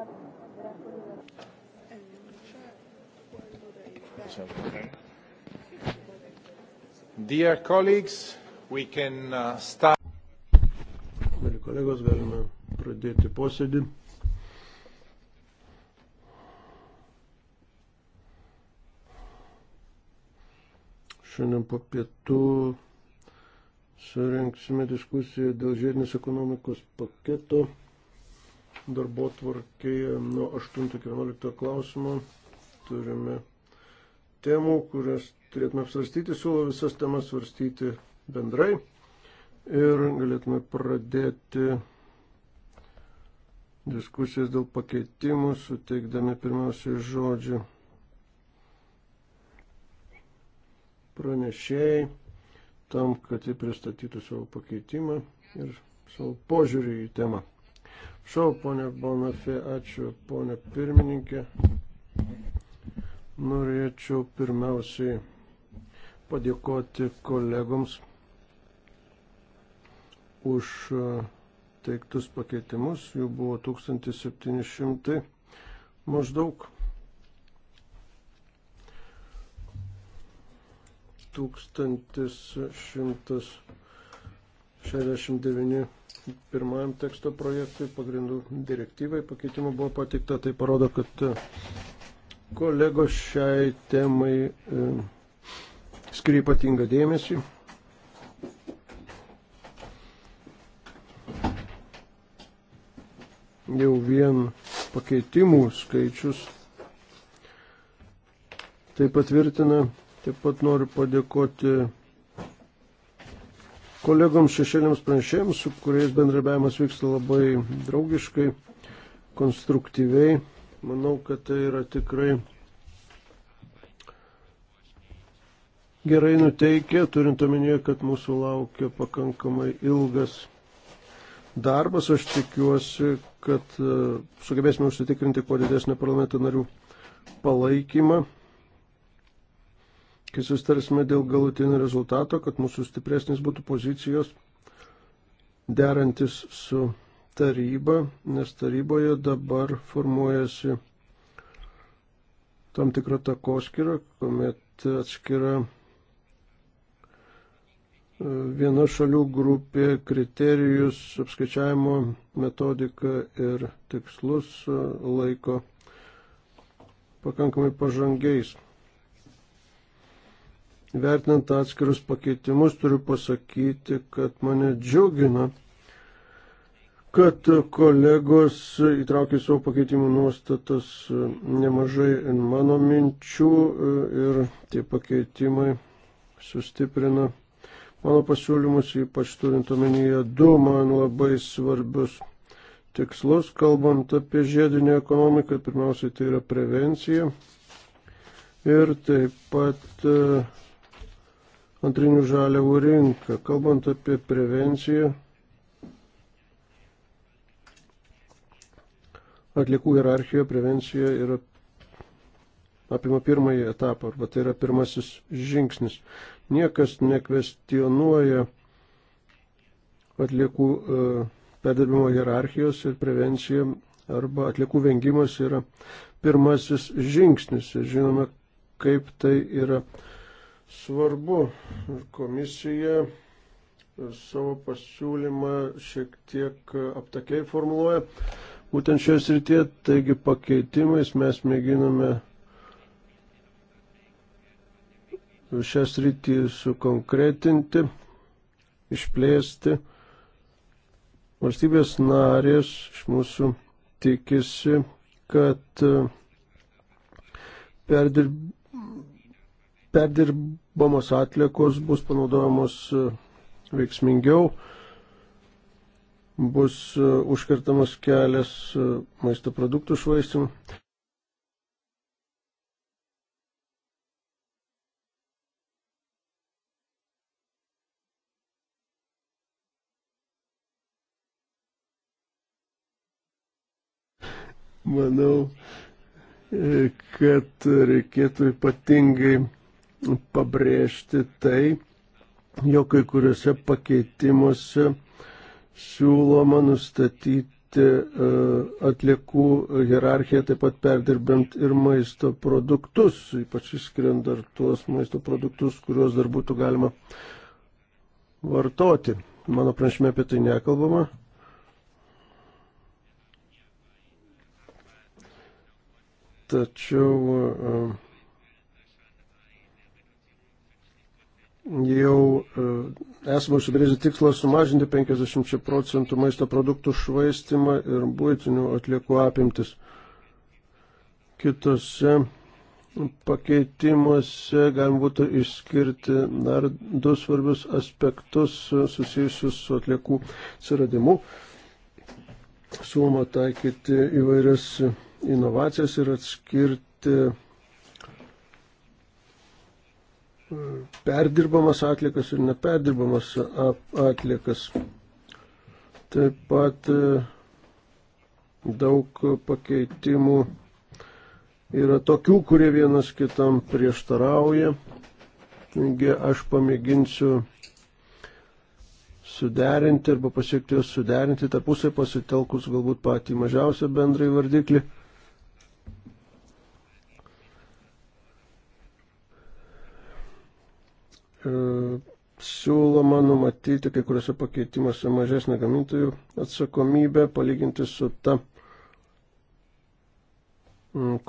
era quello della... Eh, c'è quello dei... Dear colleagues, we can uh, start. Mėly kolegos, galime pradėti posėdį. Šiandien po pietų surinksime diskusiją dėl žiedinės ekonomikos paketo darbo tvarkėje nuo 8-11 klausimo turime temų, kurias turėtume apsvarstyti, siūlau visas temas svarstyti bendrai ir galėtume pradėti diskusijas dėl pakeitimų, suteikdami pirmiausiai žodžių pranešėjai tam, kad jie pristatytų savo pakeitimą ir savo požiūrį į temą. Šau, ponė Bonafė, ačiū, ponė pirmininkė. Norėčiau pirmiausiai padėkoti kolegoms už e, teiktus pakeitimus. Jų buvo 1700 maždaug. 1169 pirmajam teksto projektui pagrindų direktyvai pakeitimų buvo pateikta, tai parodo, kad e, kolegos šiai temai e, skiria ypatingą dėmesį. Jau vien pakeitimų skaičius tai patvirtina. Taip pat noriu padėkoti kolegoms šešėliams pranešėjams, su kuriais bendrabiavimas vyksta labai draugiškai, konstruktyviai. Manau, kad tai yra tikrai gerai nuteikia, turint omenyje, kad mūsų laukia pakankamai ilgas darbas. Aš tikiuosi, kad e, sugebėsime užsitikrinti kuo didesnį parlamento narių palaikymą kai sustarsime dėl galutinio rezultato, kad mūsų stipresnis būtų pozicijos derantis su taryba, nes taryboje dabar formuojasi tam tikra takoskira, kuomet atskira e, viena šalių grupė kriterijus, apskaičiavimo metodiką ir tikslus e, laiko pakankamai pažangiais. Vertinant atskirus pakeitimus, turiu pasakyti, kad mane džiugina, kad kolegos įtraukė savo pakeitimų nuostatas nemažai mano minčių ir tie pakeitimai sustiprina mano pasiūlymus, ypač turint omenyje du man labai svarbius tikslus, kalbant apie žiedinę ekonomiką, pirmiausiai tai yra prevencija ir taip pat antrinių žaliavų rinką. Kalbant apie prevenciją, atlikų hierarchijoje prevencija yra apima pirmąjį etapą, arba tai yra pirmasis žingsnis. Niekas nekvestionuoja atliekų e, perdirbimo hierarchijos ir prevencija arba atliekų vengimas yra pirmasis žingsnis. Ir žinome, kaip tai yra svarbu. Komisija savo pasiūlymą šiek tiek aptakiai formuluoja. Būtent šioje srityje, taigi pakeitimais mes mėginame šią sritį sukonkretinti, išplėsti. Valstybės narės iš mūsų tikisi, kad perdirb perdirbamos atliekos bus panaudojamos e, veiksmingiau, bus e, užkirtamas kelias e, maisto produktų švaistim. Manau, kad reikėtų ypatingai pabrėžti tai, jog kai kuriuose pakeitimuose siūloma nustatyti e, atliekų hierarchiją, taip pat perdirbant ir maisto produktus, ypač išskiriant dar tuos maisto produktus, kuriuos dar būtų galima vartoti. Mano pranešime apie tai nekalbama. Tačiau uh, jau e, esame užsibrėžę tikslą sumažinti 50 procentų maisto produktų švaistimą ir būtinių atliekų apimtis. Kitose pakeitimuose galima būtų išskirti dar du svarbius aspektus susijusius su atliekų atsiradimu. Siūloma taikyti įvairias inovacijas ir atskirti perdirbamas atlikas ir neperdirbamas atlikas. Taip pat e, daug pakeitimų yra tokių, kurie vienas kitam prieštarauja. Taigi aš pamėginsiu suderinti arba pasiekti juos suderinti tarpusai pasitelkus galbūt patį mažiausią bendrąjį vardiklį. E, siūloma numatyti kai kuriuose pakeitimuose mažesnę gamintojų atsakomybę palyginti su ta,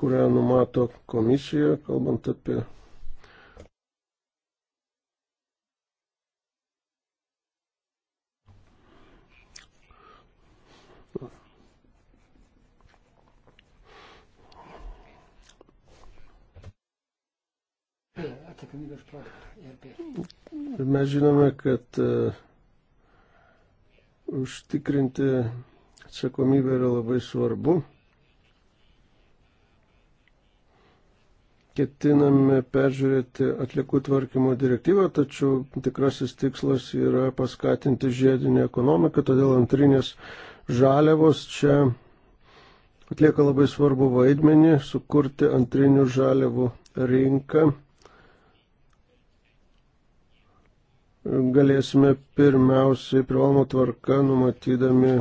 kurią numato komisija, kalbant apie atsakomybę už praktiką. Mes žinome, kad e, užtikrinti atsakomybę yra labai svarbu. Ketiname peržiūrėti atliekų tvarkymo direktyvą, tačiau tikrasis tikslas yra paskatinti žiedinį ekonomiką, todėl antrinės žaliavos čia atlieka labai svarbu vaidmenį sukurti antrinių žaliavų rinką galėsime pirmiausiai privalomo tvarka numatydami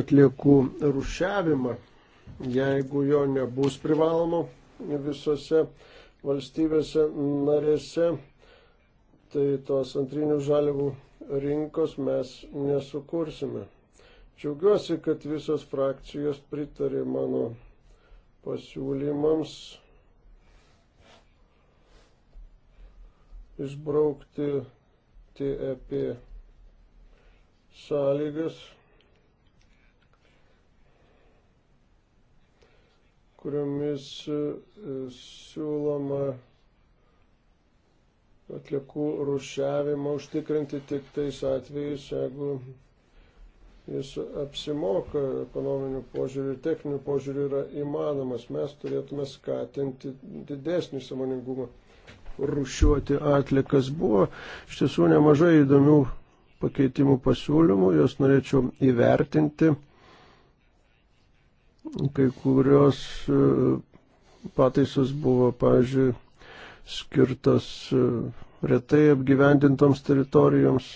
atliekų rušiavimą, jeigu jo nebus privalomo visose valstybėse narėse, tai tos antrinių žaliavų rinkos mes nesukursime. Džiaugiuosi, kad visos frakcijos pritarė mano pasiūlymams išbraukti kalbėti apie sąlygas, kuriomis e, siūloma atliekų rušiavimą užtikrinti tik tais atvejais, jeigu jis apsimoka ekonominių požiūrių ir techninių požiūrių yra įmanomas. Mes turėtume skatinti didesnį samoningumą rušiuoti atlikas. Buvo iš tiesų nemažai įdomių pakeitimų pasiūlymų, juos norėčiau įvertinti. Kai kurios e, pataisos buvo, pavyzdžiui, skirtos e, retai apgyvendintoms teritorijoms.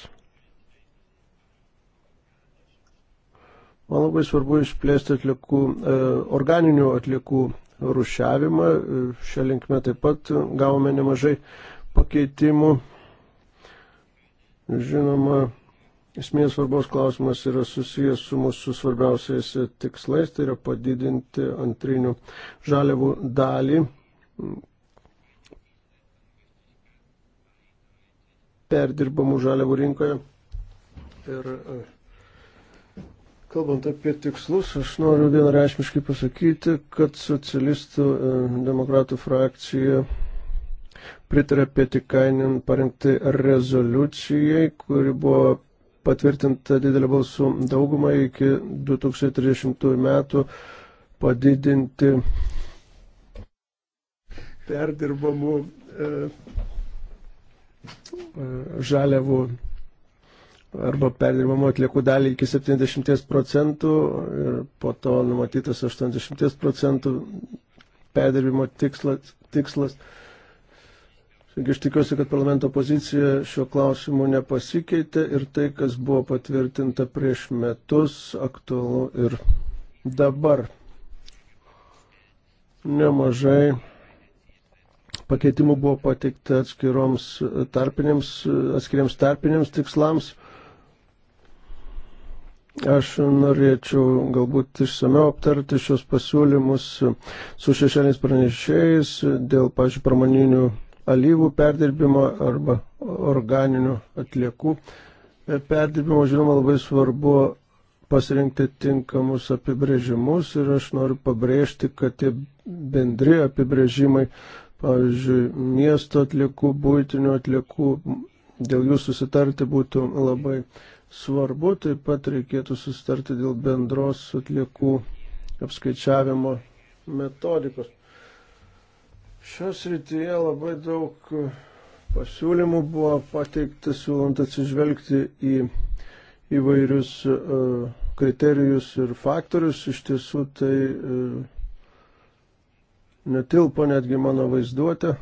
Man labai svarbu išplėsti atlikų, e, organinių atlikų rušiavimą. Šią linkmę taip pat gavome nemažai pakeitimų. Žinoma, esmės svarbos klausimas yra susijęs su mūsų svarbiausiais tikslais, tai yra padidinti antrinių žaliavų dalį perdirbamų žaliavų rinkoje. Ir Kalbant apie tikslus, aš noriu vienareišmiškai pasakyti, kad socialistų e, demokratų frakcija pritarė Pietikainin parengti rezoliucijai, kuri buvo patvirtinta didelė balsų dauguma iki 2030 metų padidinti perdirbamų e, e, žaliavų arba perdirbamo atliekų dalį iki 70 procentų ir po to numatytas 80 procentų perdirbimo tikslas. tikslas. Taigi aš tikiuosi, kad parlamento pozicija šiuo klausimu nepasikeitė ir tai, kas buvo patvirtinta prieš metus, aktualu ir dabar. Nemažai pakeitimų buvo pateikta atskiroms tarpinėms, atskiriams tarpinėms tikslams. Aš norėčiau galbūt išsameu aptarti šios pasiūlymus su šešėliais pranešėjais dėl, pažiūrėjau, pramoninių alyvų perdirbimo arba organinių atliekų perdirbimo. Žinoma, labai svarbu pasirinkti tinkamus apibrėžimus ir aš noriu pabrėžti, kad tie bendri apibrėžimai, pavyzdžiui, miesto atliekų, būtinių atliekų, dėl jų susitarti būtų labai svarbu. Taip pat reikėtų sustarti dėl bendros atliekų apskaičiavimo metodikos. Šios rytyje labai daug pasiūlymų buvo pateikta siūlant atsižvelgti į įvairius e, kriterijus ir faktorius. Iš tiesų tai e, netilpo netgi mano vaizduotė,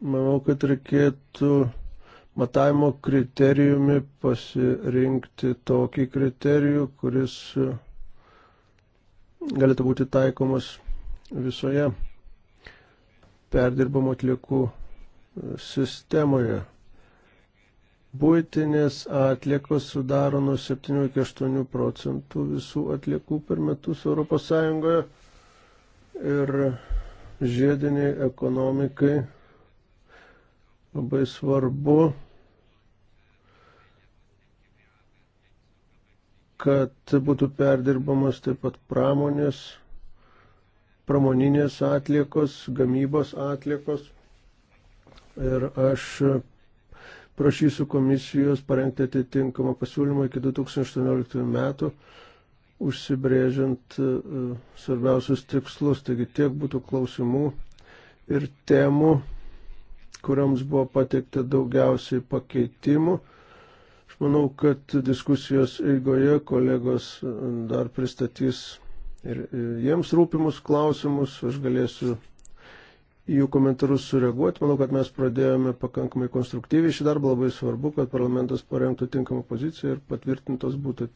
manau, kad reikėtų matavimo kriterijumi pasirinkti tokį kriterijų, kuris galėtų būti taikomas visoje perdirbamo atliekų sistemoje. Būtinės atliekos sudaro nuo 7 iki 8 procentų visų atliekų per metus ES ir žiediniai ekonomikai Labai svarbu, kad būtų perdirbamas taip pat pramonės, pramoninės atliekos, gamybos atliekos. Ir aš prašysiu komisijos parengti atitinkamą pasiūlymą iki 2018 metų, užsibrėžiant e, svarbiausius tikslus. Taigi tiek būtų klausimų ir temų kuriams buvo pateikta daugiausiai pakeitimų. Aš manau, kad diskusijos eigoje kolegos dar pristatys ir jiems rūpimus klausimus, aš galėsiu į jų komentarus sureaguoti. Manau, kad mes pradėjome pakankamai konstruktyviai šį darbą, labai svarbu, kad parlamentas parengtų tinkamą poziciją ir patvirtintos būtų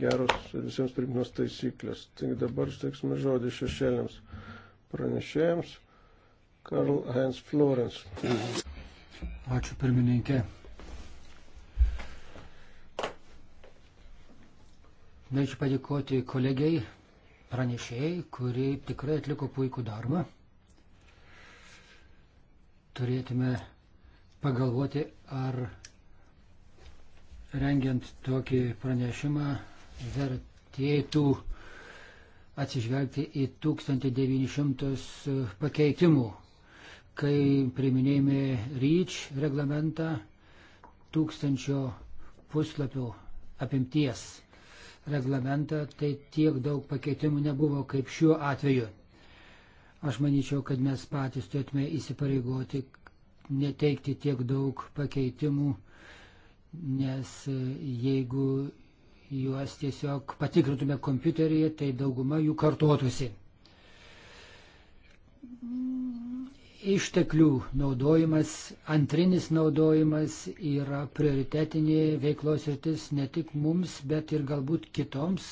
geros ir visiems primtinos taisyklės. Tik dabar steiksime žodį šešėliams pranešėjams. Karl Heinz Florence. Ačiū pirmininkė. Norėčiau padėkoti kolegiai pranešėjai, kuri tikrai atliko puikų darbą. Turėtume pagalvoti, ar rengiant tokį pranešimą vertėtų atsižvelgti į 1900 pakeitimų, kai priminėjome REACH reglamentą tūkstančio puslapių apimties reglamentą, tai tiek daug pakeitimų nebuvo kaip šiuo atveju. Aš manyčiau, kad mes patys turėtume įsipareigoti neteikti tiek daug pakeitimų, nes e, jeigu juos tiesiog patikrintume kompiuteryje, tai dauguma jų kartotųsi. Išteklių naudojimas, antrinis naudojimas yra prioritetinė veiklos rytis ne tik mums, bet ir galbūt kitoms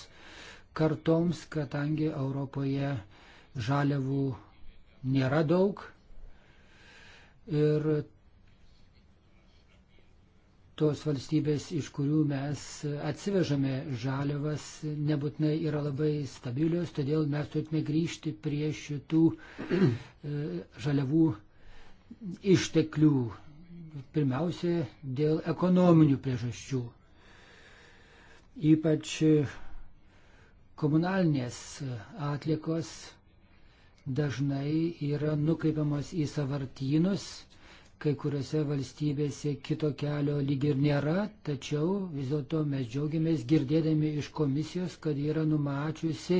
kartoms, kadangi Europoje žaliavų nėra daug ir tos valstybės, iš kurių mes atsivežame žaliavas, nebūtinai yra labai stabilios, todėl mes turėtume grįžti prie šitų e, žaliavų išteklių. Pirmiausia, dėl ekonominių priežasčių. Ypač komunalinės atlikos dažnai yra nukreipiamos į savartynus Kai kuriuose valstybėse kito kelio lyg ir nėra, tačiau vis dėlto mes džiaugiamės girdėdami iš komisijos, kad yra numačiusi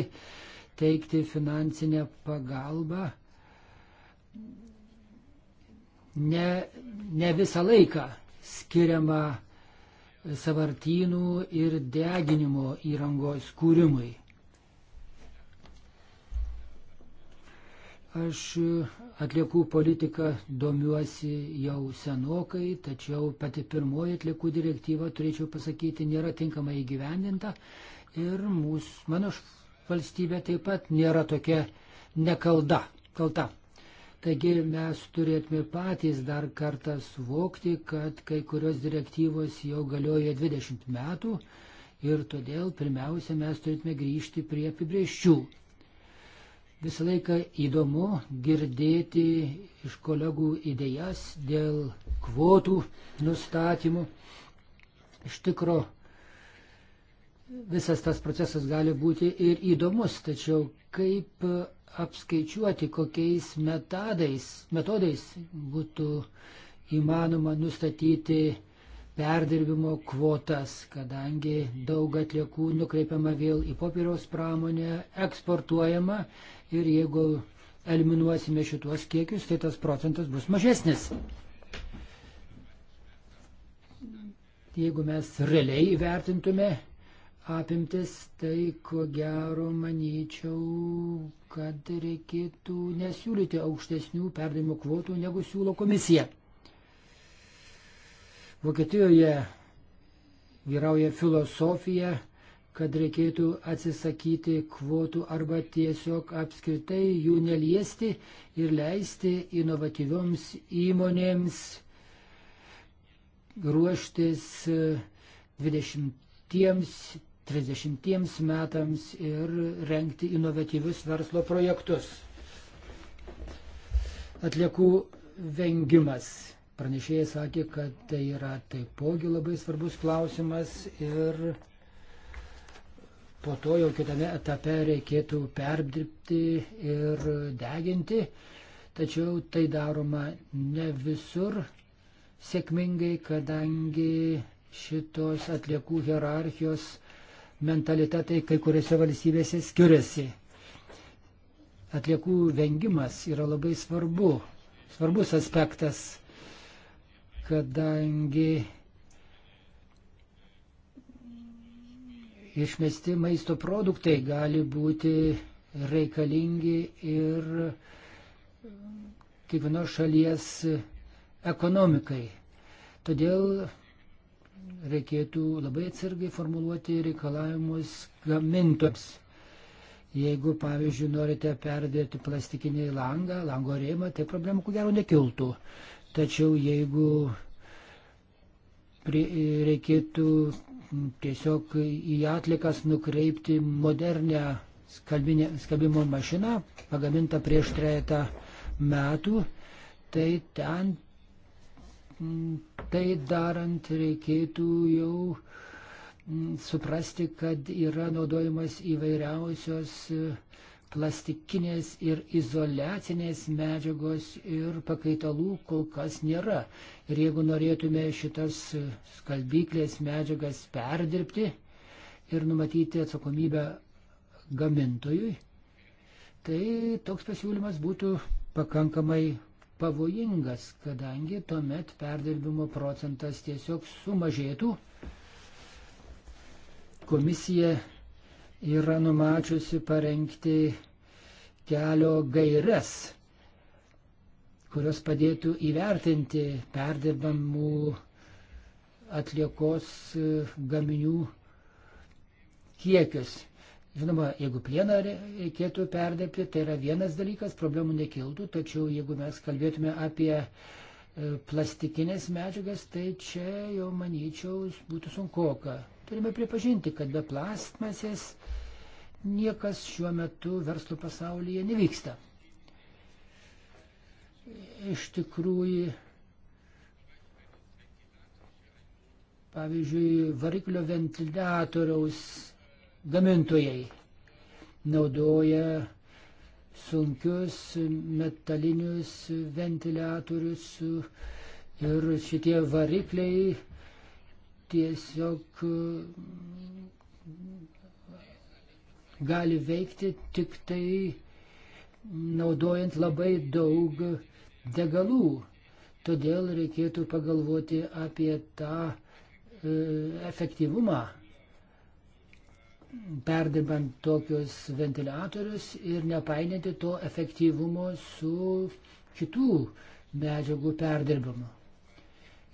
teikti finansinę pagalbą. Ne, ne visą laiką skiriama savartynų ir deginimo įrangos kūrimui. Aš atliekų politiką domiuosi jau senokai, tačiau pati pirmoji atliekų direktyva, turėčiau pasakyti, nėra tinkamai įgyvendinta ir mūsų, mano valstybė taip pat nėra tokia nekalda. Kalta. Taigi mes turėtume patys dar kartą suvokti, kad kai kurios direktyvos jau galioja 20 metų ir todėl pirmiausia mes turėtume grįžti prie apibrieščių Visą laiką įdomu girdėti iš kolegų idėjas dėl kvotų nustatymų. Iš tikro, visas tas procesas gali būti ir įdomus, tačiau kaip apskaičiuoti, kokiais metodais, metodais būtų įmanoma nustatyti perdirbimo kvotas, kadangi daug atliekų nukreipiama vėl į popieriaus pramonę, eksportuojama ir jeigu eliminuosime šituos kiekius, tai tas procentas bus mažesnis. Jeigu mes realiai įvertintume apimtis, tai ko gero manyčiau, kad reikėtų nesiūlyti aukštesnių perdavimo kvotų, negu siūlo komisija. Vokietijoje vyrauja filosofija, kad reikėtų atsisakyti kvotų arba tiesiog apskritai jų neliesti ir leisti inovatyvioms įmonėms ruoštis 20-30 metams ir renkti inovatyvius verslo projektus. Atliekų vengimas Pranešėjai sakė, kad tai yra taipogi labai svarbus klausimas ir po to jau kitame etape reikėtų perdirbti ir deginti, tačiau tai daroma ne visur sėkmingai, kadangi šitos atliekų hierarchijos mentalitetai kai kuriuose valstybėse skiriasi. Atliekų vengimas yra labai svarbu, svarbus aspektas kadangi išmesti maisto produktai gali būti reikalingi ir kiekvienos šalies ekonomikai. Todėl reikėtų labai atsargiai formuluoti reikalavimus gamintojams. Jeigu, pavyzdžiui, norite perdėti plastikinį langą, lango rėmą, tai problemų ko gero nekiltų. Tačiau jeigu reikėtų tiesiog į atlikas nukreipti modernę skalbinė, skalbimo mašiną, pagamintą prieš trejata metų, tai ten tai darant reikėtų jau mm, suprasti, kad yra naudojamas įvairiausios uh, plastikinės ir izolacinės medžiagos ir pakaitalų kol kas nėra. Ir jeigu norėtume šitas skalbyklės medžiagas perdirbti ir numatyti atsakomybę gamintojui, tai toks pasiūlymas būtų pakankamai pavojingas, kadangi tuomet perdirbimo procentas tiesiog sumažėtų. Komisija yra numačiusi parengti kelio gairias, kurios padėtų įvertinti perdirbamų atliekos e, gaminių kiekius. Žinoma, jeigu plieną reikėtų perdirbti, tai yra vienas dalykas, problemų nekiltų, tačiau jeigu mes kalbėtume apie e, plastikinės medžiagas, tai čia jau manyčiau būtų sunkuoka Turime pripažinti, kad be plastmasės niekas šiuo metu verslo pasaulyje nevyksta. Iš tikrųjų, pavyzdžiui, variklio ventiliatoriaus gamintojai naudoja sunkius metalinius ventiliatorius ir šitie varikliai tiesiog e, gali veikti tik tai naudojant labai daug degalų. Todėl reikėtų pagalvoti apie tą e, efektyvumą, perdirbant tokius ventiliatorius ir nepainėti to efektyvumo su kitų medžiagų perdirbimu.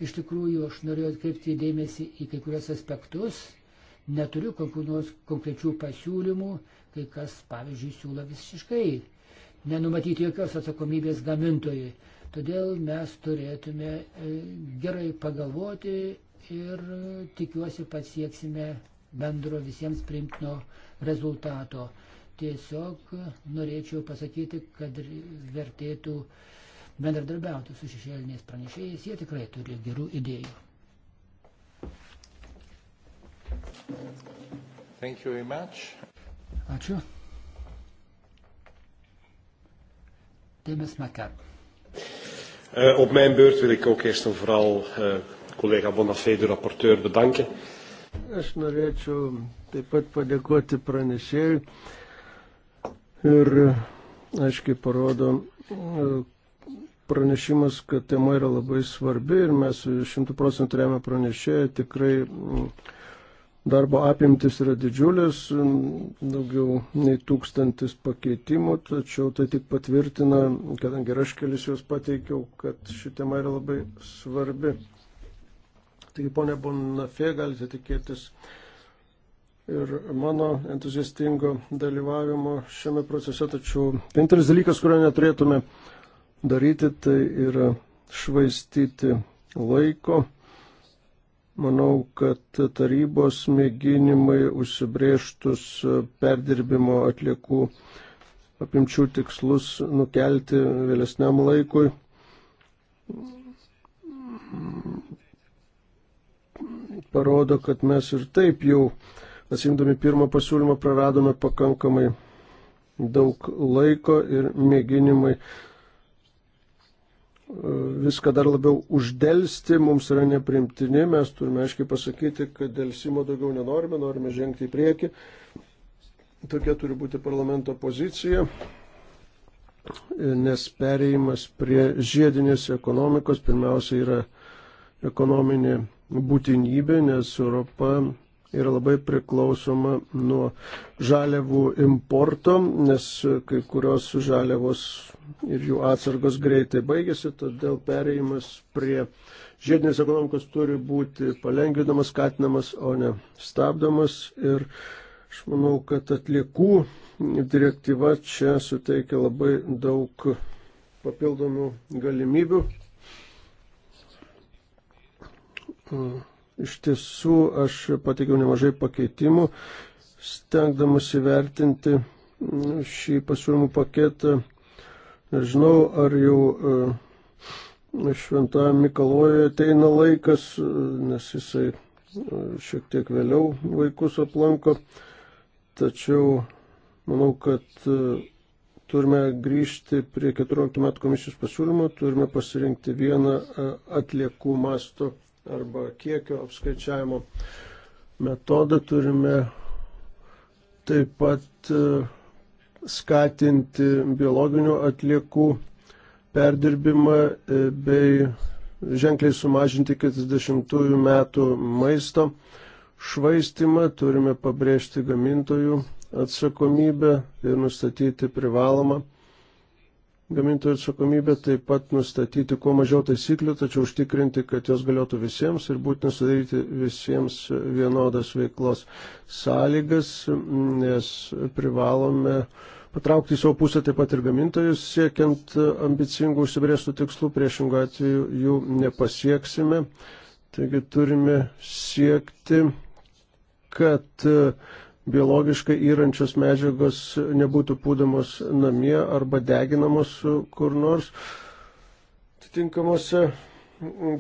Iš tikrųjų, aš norėjau atkreipti dėmesį į kai kurias aspektus. Neturiu kokių konkrečių pasiūlymų, kai kas, pavyzdžiui, siūlo visiškai nenumatyti jokios atsakomybės gamintojui. Todėl mes turėtume e, gerai pagalvoti ir e, tikiuosi pasieksime bendro visiems primtino rezultato. Tiesiog norėčiau pasakyti, kad vertėtų uh, bendradarbiauti su šešėliniais pranešėjais, jie tikrai turi gerų idėjų. Thank you very much. Ačiū. Demis Makar. Uh, eh, op mijn beurt wil ik ook eerst en vooral uh, collega Bonafé, de rapporteur, bedanken. Aš norėčiau taip pat padėkoti pranešėjui ir eh, aiškiai parodo, pranešimas, kad tema yra labai svarbi ir mes šimtų procentų remia pranešėją, tikrai mm, darbo apimtis yra didžiulis, mm, daugiau nei tūkstantis pakeitimų, tačiau tai tik patvirtina, kadangi ir aš kelis juos pateikiau, kad ši tema yra labai svarbi. Taigi, ponė Bonafė, galite tikėtis ir mano entuziastingo dalyvavimo šiame procese, tačiau vienintelis dalykas, kurio neturėtume daryti, tai yra švaistyti laiko. Manau, kad tarybos mėginimai užsibrieštus perdirbimo atliekų apimčių tikslus nukelti vėlesniam laikui parodo, kad mes ir taip jau atsimdami pirmą pasiūlymą praradome pakankamai daug laiko ir mėginimai viską dar labiau uždelsti mums yra neprimtini, mes turime aiškiai pasakyti, kad dėlsimo daugiau nenorime, norime žengti į priekį. Tokia turi būti parlamento pozicija, nes perėjimas prie žiedinės ekonomikos pirmiausia yra ekonominė būtinybė, nes Europa yra labai priklausoma nuo žaliavų importo, nes kai kurios žaliavos ir jų atsargos greitai baigėsi, todėl pereimas prie žiedinės ekonomikos turi būti palengvinamas, skatinamas, o ne stabdomas. Ir aš manau, kad atliekų direktyva čia suteikia labai daug papildomų galimybių. Mm. Iš tiesų, aš pateikiau nemažai pakeitimų, stengdamas įvertinti mm, šį pasiūlymų paketą. Nežinau, ar jau e, šventąją Mikalojoje ateina laikas, e, nes jisai e, šiek tiek vėliau vaikus aplanko. Tačiau manau, kad turime grįžti prie 14 metų komisijos pasiūlymo, turime pasirinkti vieną atliekų masto arba kiekio apskaičiavimo metodą turime taip pat e, skatinti biologinių atliekų perdirbimą e, bei ženkliai sumažinti 40 metų maisto švaistimą, turime pabrėžti gamintojų atsakomybę ir nustatyti privalomą gamintojų atsakomybė, taip pat nustatyti kuo mažiau taisyklių, tačiau užtikrinti, kad jos galėtų visiems ir būtina sudaryti visiems vienodas veiklos sąlygas, nes privalome patraukti į savo pusę taip pat ir gamintojus, siekiant ambicingų užsibrėžtų tikslų, priešingų atveju jų nepasieksime. Taigi turime siekti, kad uh, biologiškai įrančios medžiagos nebūtų pūdamos namie arba deginamos kur nors atitinkamuose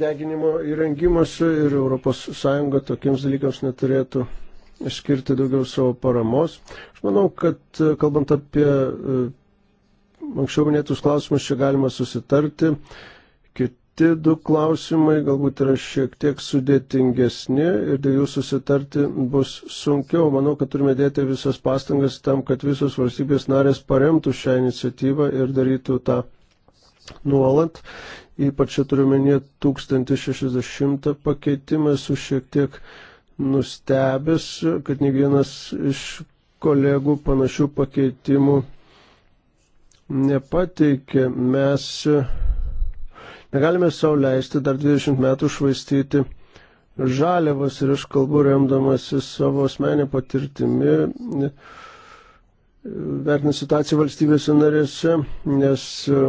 deginimo įrengimuose ir ES tokiems dalykams neturėtų skirti daugiau savo paramos. Aš manau, kad e, kalbant apie e, anksčiau minėtus klausimus, čia galima susitarti. Kit Kiti du klausimai galbūt yra šiek tiek sudėtingesni ir dėl jų susitarti bus sunkiau. Manau, kad turime dėti visas pastangas tam, kad visos valstybės narės paremtų šią iniciatyvą ir darytų tą nuolat. Ypač čia turiuomenė 1060 pakeitimą su šiek tiek nustebęs, kad ne vienas iš kolegų panašių pakeitimų nepateikė. Mes Negalime savo leisti dar 20 metų švaistyti žaliavas ir aš kalbu remdamasi savo asmenį patirtimi, vertinant situaciją valstybėse narėse, nes e,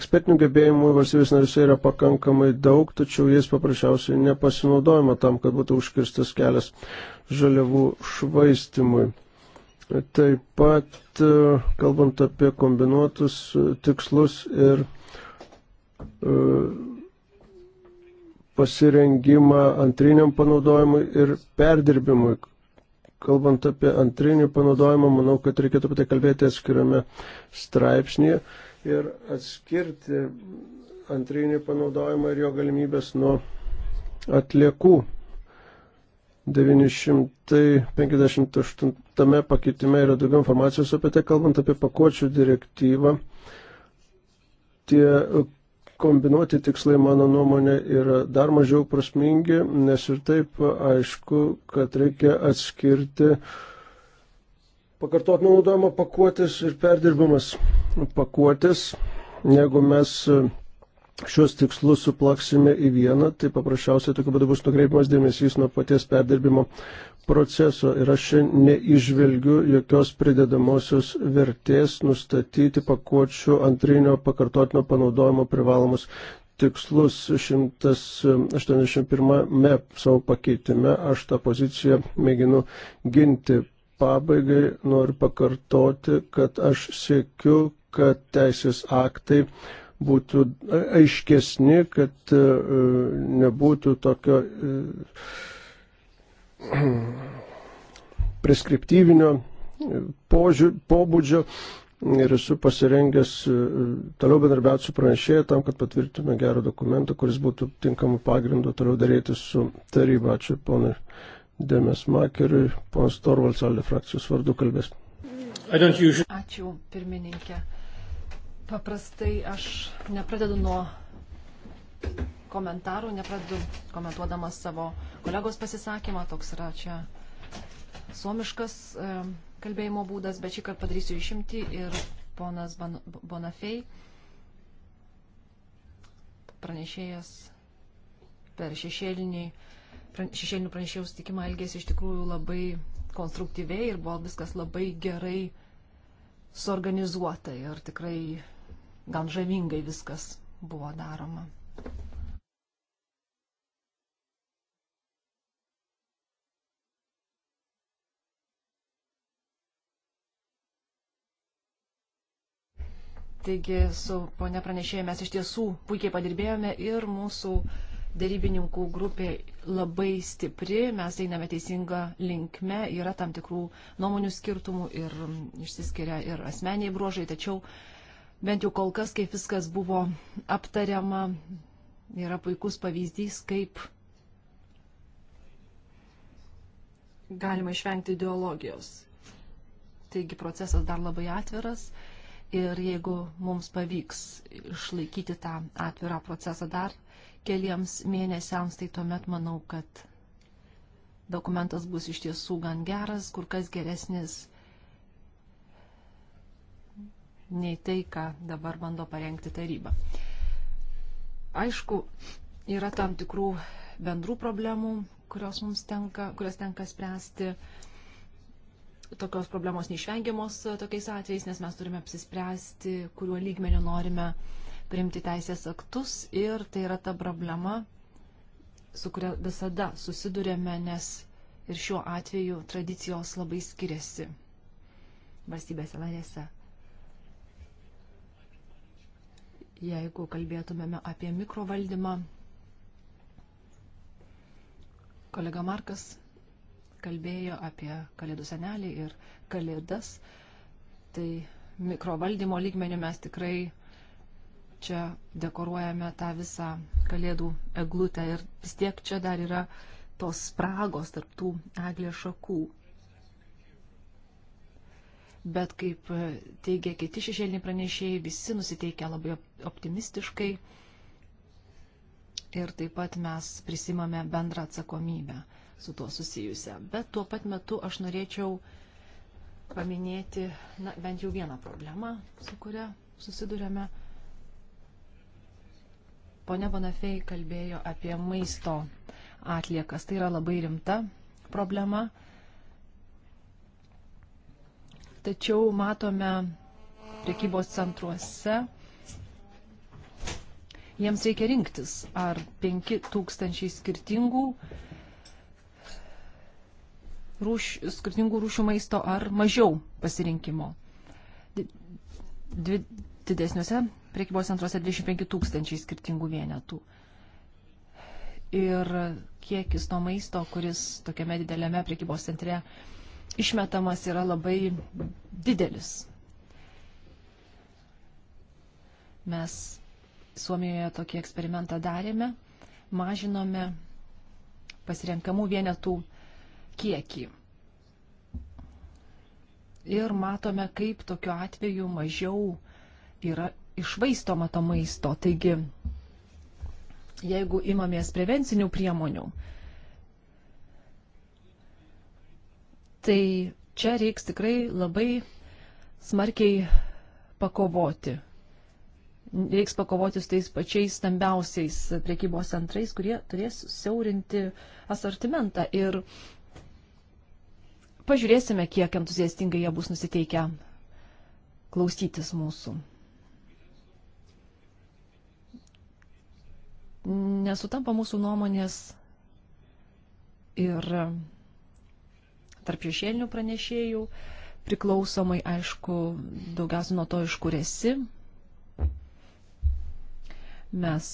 ekspertinių gebėjimų valstybės narėse yra pakankamai daug, tačiau jais paprasčiausiai nepasinaudojama tam, kad būtų užkirstas kelias žaliavų švaistimui. Taip pat, e, kalbant apie kombinuotus e, tikslus ir E, pasirengimą antriniam panaudojimui ir perdirbimui. Kalbant apie antrinį panaudojimą, manau, kad reikėtų apie tai kalbėti atskiriame straipsnėje ir atskirti antrinį panaudojimą ir jo galimybės nuo atliekų. 958 pakeitime yra daugiau informacijos apie tai, kalbant apie pakuočių direktyvą. Tie kombinuoti tikslai, mano nuomonė, yra dar mažiau prasmingi, nes ir taip aišku, kad reikia atskirti pakartotinio naudojimo pakuotis ir perdirbamas pakuotis. Jeigu mes šios tikslus suplaksime į vieną, tai paprasčiausiai tokiu būdu bus nukreipimas dėmesys nuo paties perdirbimo proceso ir aš neižvelgiu jokios pridedamosios vertės nustatyti pakuočių antrinio pakartotinio panaudojimo privalomus tikslus 181 savo pakeitime. Aš tą poziciją mėginu ginti. Pabaigai noriu pakartoti, kad aš siekiu, kad teisės aktai būtų aiškesni, kad e, nebūtų tokio e, preskriptyvinio e, požiū, pobūdžio ir esu pasirengęs toliau bendarbiauti su pranešėju tam, kad patvirtume gerą dokumentą, kuris būtų tinkamų pagrindų toliau daryti su taryba. Ačiū ponui Demės Makeriui, ponas Torvalds Alde frakcijos vardu kalbės. Ačiū pirmininkė. Paprastai aš nepradedu nuo komentarų, nepradedu komentuodamas savo kolegos pasisakymą, toks yra čia suomiškas e, kalbėjimo būdas, bet šį kartą padarysiu išimti ir ponas Bonafei, pranešėjas per šešėlinį, šešėlinių pranešėjų sutikimą elgėsi iš tikrųjų labai konstruktyviai ir buvo viskas labai gerai suorganizuota ir tikrai gan žavingai viskas buvo daroma. Taigi su ponia pranešėja mes iš tiesų puikiai padirbėjome ir mūsų dėrybininkų grupė labai stipri, mes einame teisinga linkme, yra tam tikrų nuomonių skirtumų ir išsiskiria ir asmeniai bruožai, tačiau bent jau kol kas, kaip viskas buvo aptariama, yra puikus pavyzdys, kaip galima išvengti ideologijos. Taigi procesas dar labai atviras ir jeigu mums pavyks išlaikyti tą atvirą procesą dar keliems mėnesiams, tai tuomet manau, kad dokumentas bus iš tiesų gan geras, kur kas geresnis nei tai, ką dabar bando parengti taryba. Aišku, yra tam tikrų bendrų problemų, kurios mums tenka, kurias tenka spręsti. Tokios problemos neišvengiamos tokiais atvejais, nes mes turime apsispręsti, kuriuo lygmeniu norime priimti teisės aktus ir tai yra ta problema, su kuria visada susidurėme, nes ir šiuo atveju tradicijos labai skiriasi valstybėse narėse. jeigu kalbėtumėme apie mikrovaldymą. Kolega Markas kalbėjo apie kalėdų senelį ir kalėdas, tai mikrovaldymo lygmenių mes tikrai čia dekoruojame tą visą kalėdų eglutę ir vis tiek čia dar yra tos spragos tarptų eglės šakų bet kaip teigia kiti šešėliniai pranešėjai, visi nusiteikia labai optimistiškai ir taip pat mes prisimame bendrą atsakomybę su tuo susijusią. Bet tuo pat metu aš norėčiau paminėti na, bent jau vieną problemą, su kuria susidurėme. Pone Bonafei kalbėjo apie maisto atliekas. Tai yra labai rimta problema. Tačiau matome priekybos centruose, jiems reikia rinktis ar 5000 skirtingų rūš, skirtingų rūšių maisto ar mažiau pasirinkimo. Dvi, didesniuose priekybos centruose 25 tūkstančiai skirtingų vienetų. Ir kiekis to maisto, kuris tokiame dideliame priekybos centre uh, išmetamas yra labai didelis. Mes Suomijoje tokį eksperimentą darėme, mažinome pasirenkamų vienetų kiekį. Ir matome, kaip tokiu atveju mažiau yra išvaistoma to maisto. Taigi, jeigu imamės prevencinių priemonių, Tai čia reiks tikrai labai smarkiai pakovoti. Reiks pakovoti su tais pačiais stambiausiais priekybos centrais, kurie turės siaurinti asortimentą. Ir pažiūrėsime, kiek entuziastingai jie bus nusiteikę klausytis mūsų. Nesutampa mūsų nuomonės ir tarp šešėlinių pranešėjų, priklausomai, aišku, daugiausia nuo to, iš kur esi. Mes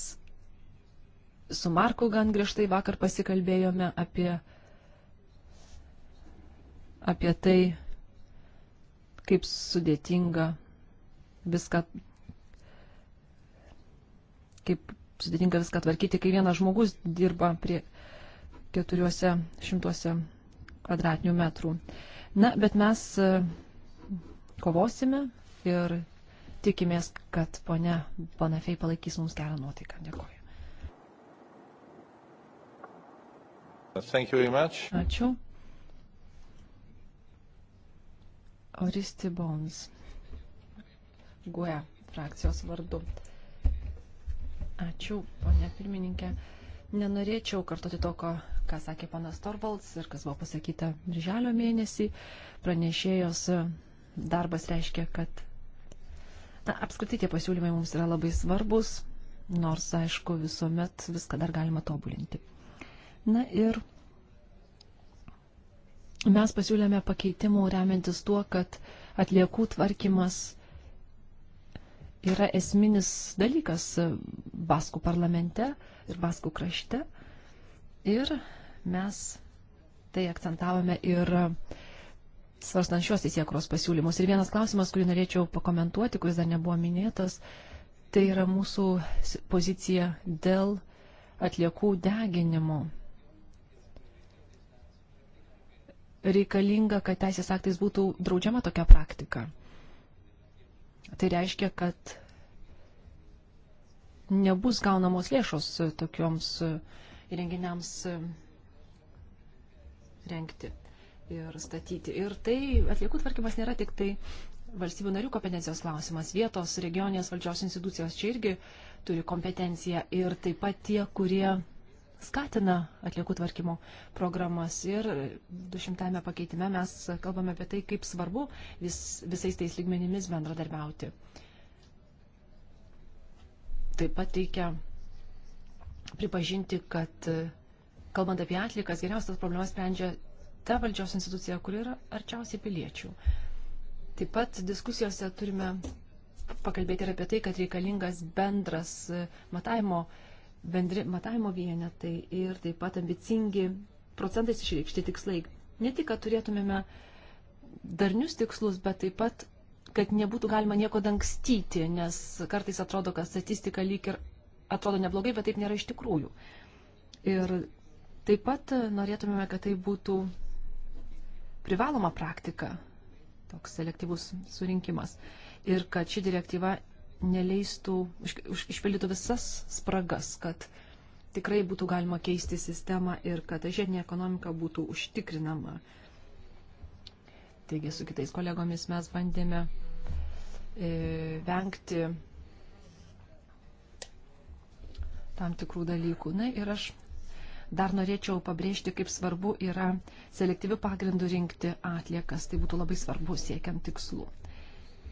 su Marku gan griežtai vakar pasikalbėjome apie, apie tai, kaip sudėtinga viską, kaip sudėtinga viską tvarkyti, kai vienas žmogus dirba prie keturiuose šimtuose kvadratinių metrų. Na, bet mes e, kovosime ir tikimės, kad ponia Bonafei palaikys mums gerą nuotaiką. Dėkuoju. Ačiū. Oristi Bons, GUE frakcijos vardu. Ačiū, ponia pirmininkė. Nenorėčiau kartoti to, ko, ką sakė panas Torvalds ir kas buvo pasakyta birželio mėnesį. Pranešėjos darbas reiškia, kad na, apskritai tie pasiūlymai mums yra labai svarbus, nors, aišku, visuomet viską dar galima tobulinti. Na ir mes pasiūlėme pakeitimų remiantis tuo, kad atliekų tvarkymas yra esminis dalykas Baskų parlamente ir Baskų krašte. Ir mes tai akcentavome ir svarstant šios teisėkros pasiūlymus. Ir vienas klausimas, kurį norėčiau pakomentuoti, kuris dar nebuvo minėtas, tai yra mūsų pozicija dėl atliekų deginimo. Reikalinga, kad teisės aktais būtų draudžiama tokia praktika. Tai reiškia, kad nebus gaunamos lėšos tokioms įrenginiams rengti ir statyti. Ir tai atliekų tvarkymas nėra tik tai valstybių narių kompetencijos klausimas. Vietos regioninės valdžios institucijos čia irgi turi kompetenciją ir taip pat tie, kurie skatina atliekų tvarkymo programas. Ir 200-ame pakeitime mes kalbame apie tai, kaip svarbu vis, visais tais lygmenimis bendradarbiauti. Taip pat reikia pripažinti, kad e, kalbant apie atlikas, geriausias problemas sprendžia ta valdžios institucija, kuri yra arčiausiai piliečių. Taip pat diskusijose turime pakalbėti ir apie tai, kad reikalingas bendras e, matavimo uh, bendri matavimo vienetai ir taip pat ambicingi procentais išreikšti tikslai. Ne tik, kad turėtumėme darnius tikslus, bet taip pat, kad nebūtų galima nieko dangstyti, nes kartais atrodo, kad statistika lyg ir atrodo neblogai, bet taip nėra iš tikrųjų. Ir taip pat norėtumėme, kad tai būtų privaloma praktika, toks selektyvus surinkimas. Ir kad ši direktyva neleistų, išpildytų visas spragas, kad tikrai būtų galima keisti sistemą ir kad žiedinė ekonomika būtų užtikrinama. Taigi su kitais kolegomis mes bandėme e, vengti tam tikrų dalykų. Na ir aš dar norėčiau pabrėžti, kaip svarbu yra selektyvių pagrindų rinkti atliekas. Tai būtų labai svarbu siekiant tikslų.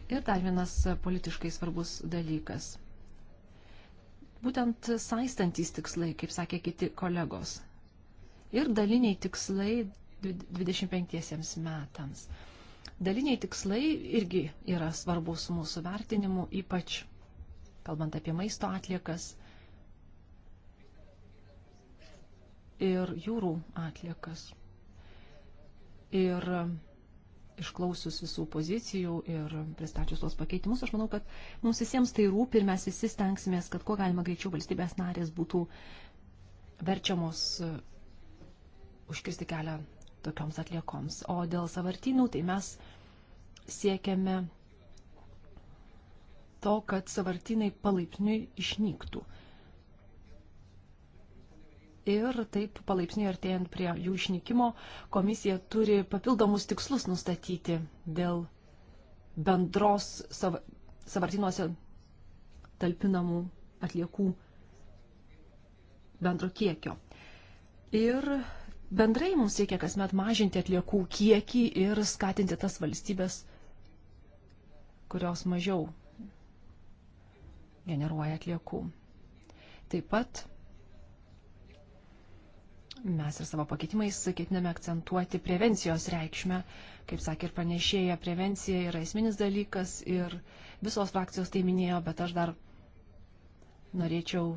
Ir dar vienas politiškai svarbus dalykas. Būtent saistantys tikslai, kaip sakė kiti kolegos. Ir daliniai tikslai 25 metams. Daliniai tikslai irgi yra svarbus mūsų vertinimu, ypač kalbant apie maisto atliekas ir jūrų atliekas. Ir išklausius visų pozicijų ir pristačius tuos pakeitimus, aš manau, kad mums visiems tai rūpi ir mes visi stengsimės, kad kuo galima greičiau valstybės narės būtų verčiamos e, užkirsti kelią tokioms atliekoms. O dėl savartynų, tai mes siekiame to, kad savartynai palaipsniui išnyktų ir taip palaipsniui artėjant prie jų išnykimo, komisija turi papildomus tikslus nustatyti dėl bendros sav savartinuose talpinamų atliekų bendro kiekio. Ir bendrai mums reikia kasmet mažinti atliekų kiekį ir skatinti tas valstybės, kurios mažiau generuoja atliekų. Taip pat Mes ir savo pakeitimais ketiname akcentuoti prevencijos reikšmę. Kaip sakė ir pranešėja, prevencija yra esminis dalykas ir visos frakcijos tai minėjo, bet aš dar norėčiau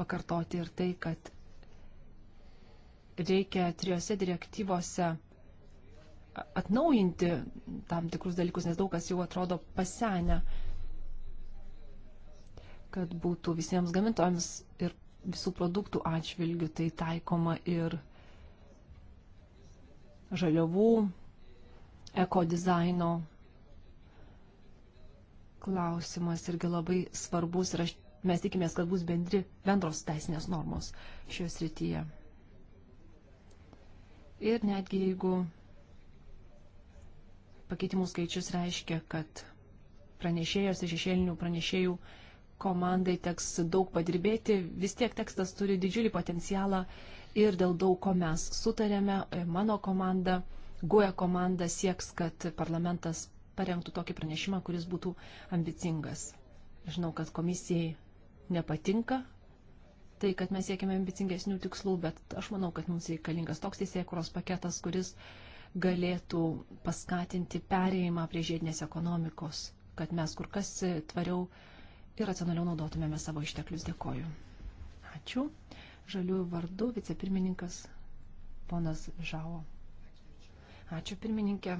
pakartoti ir tai, kad reikia trijose direktyvose atnaujinti tam tikrus dalykus, nes daug kas jau atrodo pasenę, kad būtų visiems gamintojams ir visų produktų atžvilgių, tai taikoma ir žaliavų, ekodizaino klausimas irgi labai svarbus ir aš, mes tikimės, kad bus bendri, bendros teisinės normos šioje srityje. Ir netgi jeigu pakeitimų skaičius reiškia, kad pranešėjos ir šešėlinių pranešėjų, pranešėjų komandai teks daug padirbėti, vis tiek tekstas turi didžiulį potencialą ir dėl daug ko mes sutarėme. E, mano komanda, GUE komanda sieks, kad parlamentas parengtų tokį pranešimą, kuris būtų ambicingas. Žinau, kad komisijai nepatinka tai, kad mes siekime ambicingesnių tikslų, bet aš manau, kad mums reikalingas toks teisėkuros paketas, kuris galėtų paskatinti perėjimą prie žiedinės ekonomikos, kad mes kur kas tvariau uh, ir racionaliau naudotumėme savo išteklius. Dėkoju. Ačiū. Žaliųjų vardu vicepirmininkas ponas Žao. Ačiū pirmininkė.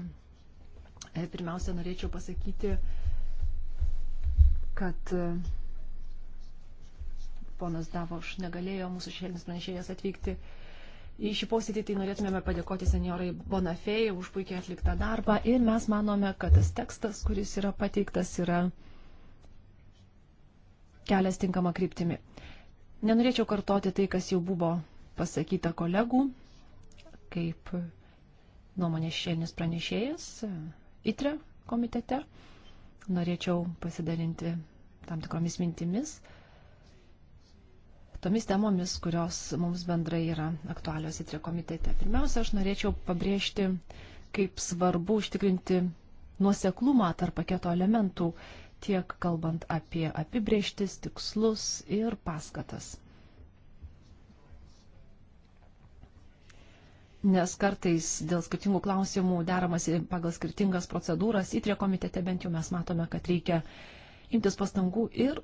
E, pirmiausia, norėčiau pasakyti, kad e, ponas Davoš negalėjo mūsų šešėlinis pranešėjas atvykti į šį posėdį, tai norėtumėme padėkoti seniorai Bonafėjai už puikiai atliktą darbą ir mes manome, kad tas tekstas, kuris yra pateiktas, yra kelias tinkama kryptimi. Nenorėčiau kartoti tai, kas jau buvo pasakyta kolegų, kaip nuomonės šėlinis pranešėjas e, ITRE komitete. Norėčiau pasidalinti tam tikromis mintimis, tomis temomis, kurios mums bendrai yra aktualios ITRE komitete. Pirmiausia, aš norėčiau pabrėžti, kaip svarbu užtikrinti nuoseklumą tarp paketo elementų tiek kalbant apie apibrieštis, tikslus ir paskatas. Nes kartais dėl skirtingų klausimų deramasi pagal skirtingas procedūras, įtrė komitete bent jau mes matome, kad reikia imtis pastangų ir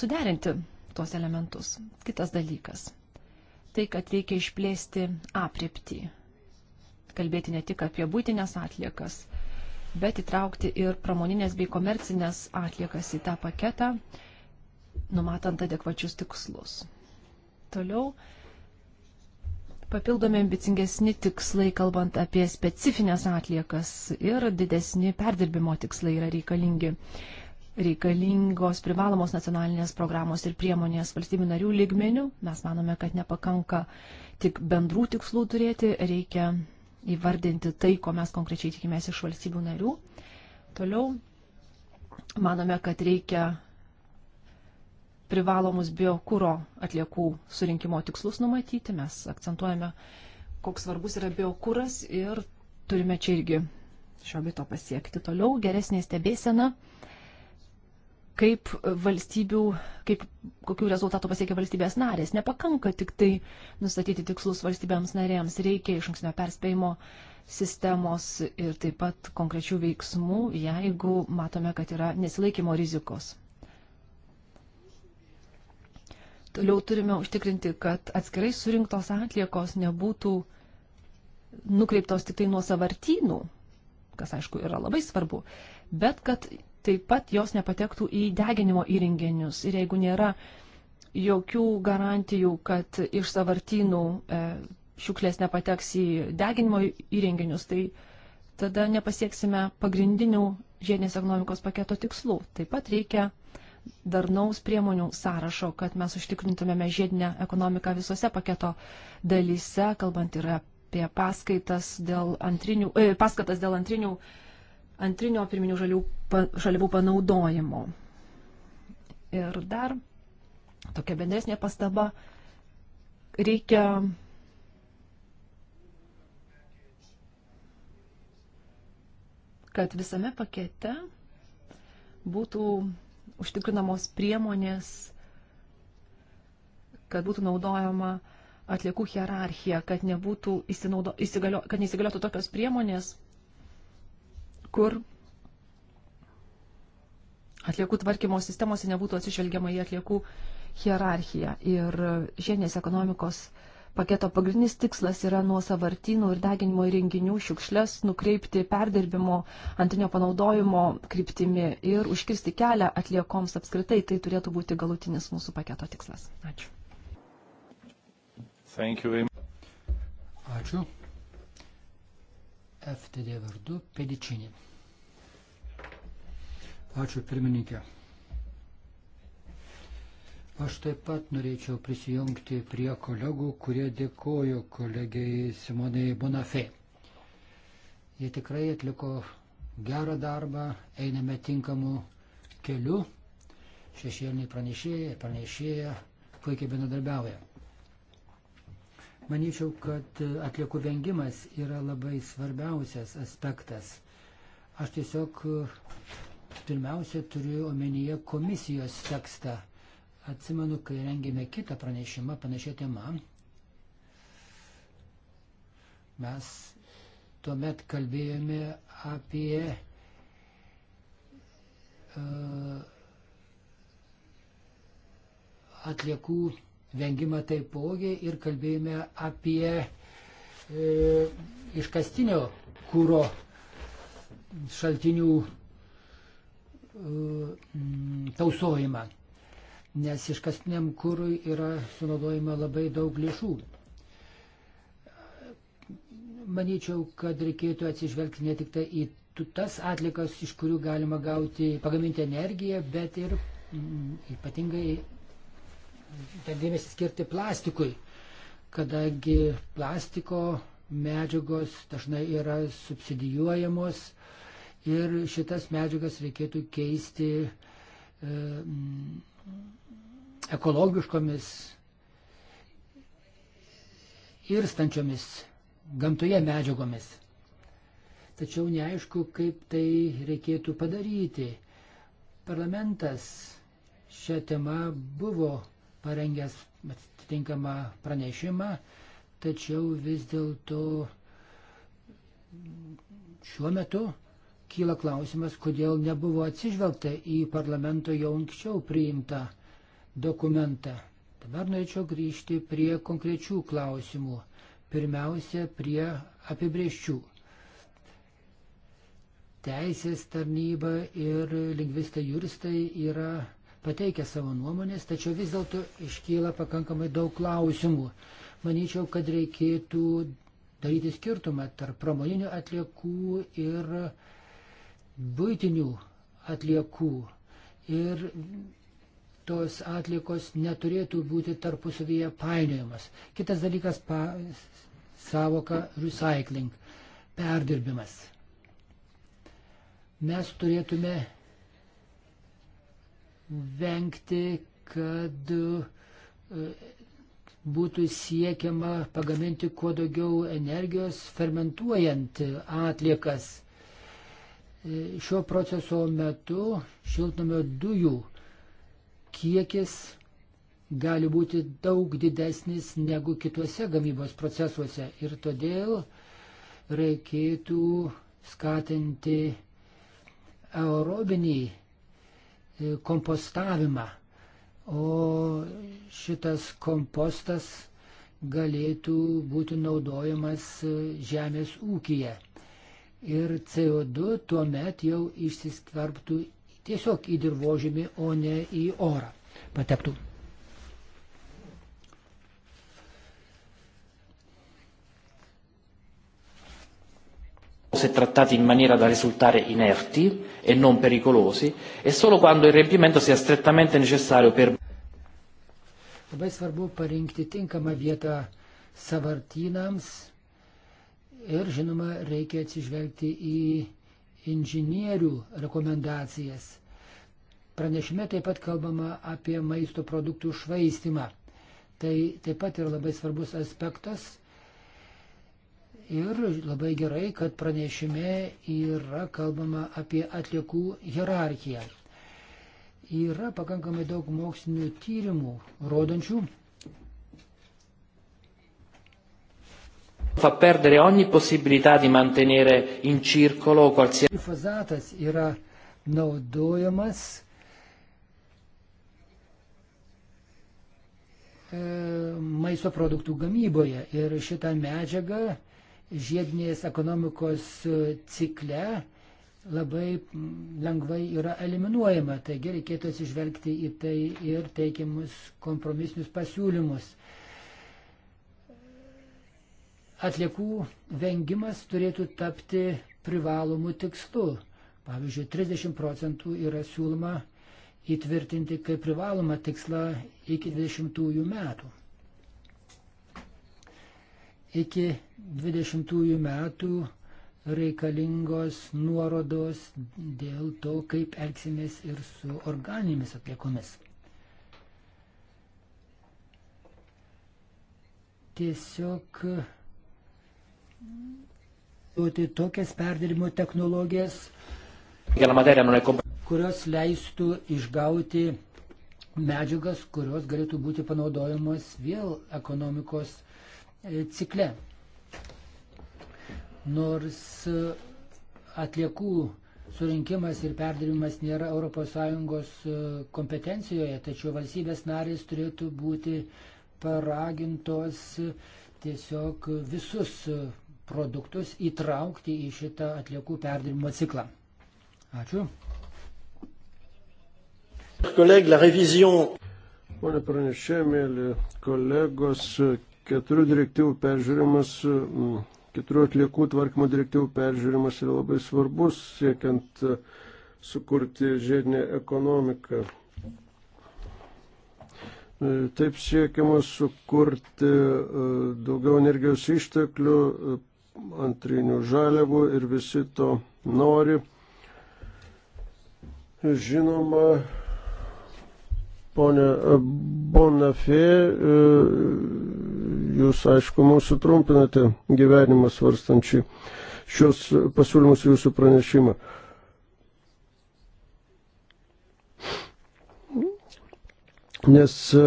suderinti tuos elementus. Kitas dalykas - tai, kad reikia išplėsti apriepti, kalbėti ne tik apie būtinės atliekas, bet įtraukti ir pramoninės bei komercinės atliekas į tą paketą, numatant adekvačius tikslus. Toliau papildomi ambicingesni tikslai, kalbant apie specifines atliekas ir didesni perdirbimo tikslai yra reikalingi. Reikalingos privalomos nacionalinės programos ir priemonės valstybių narių lygmenių. Mes manome, kad nepakanka tik bendrų tikslų turėti, reikia įvardinti tai, ko mes konkrečiai tikimės iš valstybių narių. Toliau manome, kad reikia privalomus biokūro atliekų surinkimo tikslus numatyti. Mes akcentuojame, koks svarbus yra biokūras ir turime čia irgi šio bito pasiekti. Toliau geresnė stebėsena kaip valstybių, kaip, kokių rezultatų pasiekia valstybės narės. Nepakanka tik tai nustatyti tikslus valstybėms narėms, reikia iš anksnio perspėjimo sistemos ir taip pat konkrečių veiksmų, jeigu matome, kad yra nesilaikymo rizikos. Toliau turime užtikrinti, kad atskirai surinktos atliekos nebūtų nukreiptos tik tai nuo savartynų, kas aišku yra labai svarbu, bet kad taip pat jos nepatektų į deginimo įrenginius. Ir jeigu nėra jokių garantijų, kad iš savartynų e, šiukšlės nepateks į deginimo įrenginius, tai tada nepasieksime pagrindinių žiedinės ekonomikos paketo tikslų. Taip pat reikia darnaus priemonių sąrašo, kad mes užtikrintumėme žiedinę ekonomiką visose paketo dalyse, kalbant ir apie paskaitas dėl antrinių, e, paskatas dėl antrinių antrinio pirminių žalių, žaliavų panaudojimo. Ir dar tokia bendresnė pastaba. Reikia kad visame pakete būtų užtikrinamos priemonės, kad būtų naudojama atliekų hierarchija, kad, įsigalio, kad neįsigaliotų tokios priemonės, kur atliekų tvarkymo sistemose nebūtų atsižvelgiama į atliekų hierarchiją. Ir žienės ekonomikos paketo pagrindinis tikslas yra nuo savartynų ir deginimo įrenginių šiukšles nukreipti perdirbimo antinio panaudojimo kryptimi ir užkirsti kelią atliekoms apskritai. Tai turėtų būti galutinis mūsų paketo tikslas. Ačiū. Ačiū. FTD vardu Pedičinė. Ačiū pirmininkė. Aš taip pat norėčiau prisijungti prie kolegų, kurie dėkoju kolegiai Simonai Bonafė. Jie tikrai atliko gerą darbą, einame tinkamu keliu. Šešėliniai pranešėjai, pranešėja puikiai bendradarbiauja. Manyčiau, kad e, atliekų vengimas yra labai svarbiausias aspektas. Aš tiesiog e, pirmiausia turiu omenyje komisijos tekstą. Atsimenu, kai rengėme kitą pranešimą panašia tema, mes tuomet kalbėjome apie uh, atliekų vengimą taipogi ir kalbėjome apie e, iškastinio kūro šaltinių e, tausojimą, nes iškastiniam kūrui yra sunaudojama labai daug lėšų. Manyčiau, kad reikėtų atsižvelgti ne tik tai į tas atlikas, iš kurių galima gauti, pagaminti energiją, bet ir ypatingai tą dėmesį skirti plastikui, kadangi plastiko medžiagos dažnai yra subsidijuojamos ir šitas medžiagas reikėtų keisti e, mm, ekologiškomis ir stančiomis gamtoje medžiagomis. Tačiau neaišku, kaip tai reikėtų padaryti. Parlamentas šią temą buvo parengęs atitinkamą pranešimą, tačiau vis dėlto šiuo metu kyla klausimas, kodėl nebuvo atsižvelgta į parlamento jau anksčiau priimtą dokumentą. Dabar norėčiau grįžti prie konkrečių klausimų. Pirmiausia, prie apibrieščių. Teisės tarnyba ir lingvistai juristai yra pateikia savo nuomonės, tačiau vis dėlto iškyla pakankamai daug klausimų. Manyčiau, kad reikėtų daryti skirtumą tarp pramoninių atliekų ir būtinių atliekų. Ir tos atlikos neturėtų būti tarpusavyje painiojamas. Kitas dalykas pa, savoka recycling, perdirbimas. Mes turėtume vengti, kad e, būtų siekiama pagaminti kuo daugiau energijos fermentuojant atliekas. E, šio proceso metu šiltnamio dujų kiekis gali būti daug didesnis negu kituose gamybos procesuose ir todėl reikėtų skatinti aerobinį kompostavimą. O šitas kompostas galėtų būti naudojamas žemės ūkija. Ir CO2 tuo met jau išsiskverbtų tiesiog į dirbožymį, o ne į orą patektų. se trattati in maniera da risultare inerti e non pericolosi e solo quando il riempimento sia strettamente necessario per. Labai svarbu parinkti tinkamą vietą savartynams ir, žinoma, reikia atsižvelgti į inžinierių rekomendacijas. Pranešime taip pat kalbama apie maisto produktų švaistimą. Tai taip pat yra labai svarbus aspektas Ir labai gerai, kad pranešime yra kalbama apie atliekų hierarchiją. Yra pakankamai daug mokslinių tyrimų rodančių. Fa perdere ogni possibilità di mantenere in circolo qualsiasi. Glifosatas yra naudojamas e, maisto produktų gamyboje ir šitą medžiagą žiedinės ekonomikos cikle labai lengvai yra eliminuojama. Taigi reikėtų atsižvelgti į tai ir teikiamus kompromisinius pasiūlymus. Atliekų vengimas turėtų tapti privalomų tikslų. Pavyzdžiui, 30 procentų yra siūloma įtvirtinti kaip privalomą tikslą iki 20 metų iki 20 metų reikalingos nuorodos dėl to, kaip elgsimės ir su organinėmis atliekomis. Tiesiog duoti tokias perdirimo technologijas, kurios leistų išgauti medžiagas, kurios galėtų būti panaudojamos vėl ekonomikos E, cikle. Nors atliekų surinkimas ir perdirimas nėra ES kompetencijoje, tačiau valstybės narės turėtų būti paragintos tiesiog visus produktus įtraukti į šitą atliekų perdirimo ciklą. Ačiū. Kolegė, la revizion. Pone pranešė, mėly kolegos, keturių direktyvų peržiūrimas, keturių atliekų tvarkymo direktyvų peržiūrimas yra labai svarbus, siekiant e, sukurti žiedinę ekonomiką. E, taip siekiama sukurti e, daugiau energijos išteklių, antrinių žaliavų ir visi to nori. Žinoma, ponia Bonafė Jūs, aišku, mūsų trumpinate gyvenimą svarstančiai šios pasiūlymus jūsų pranešimą. Nes e,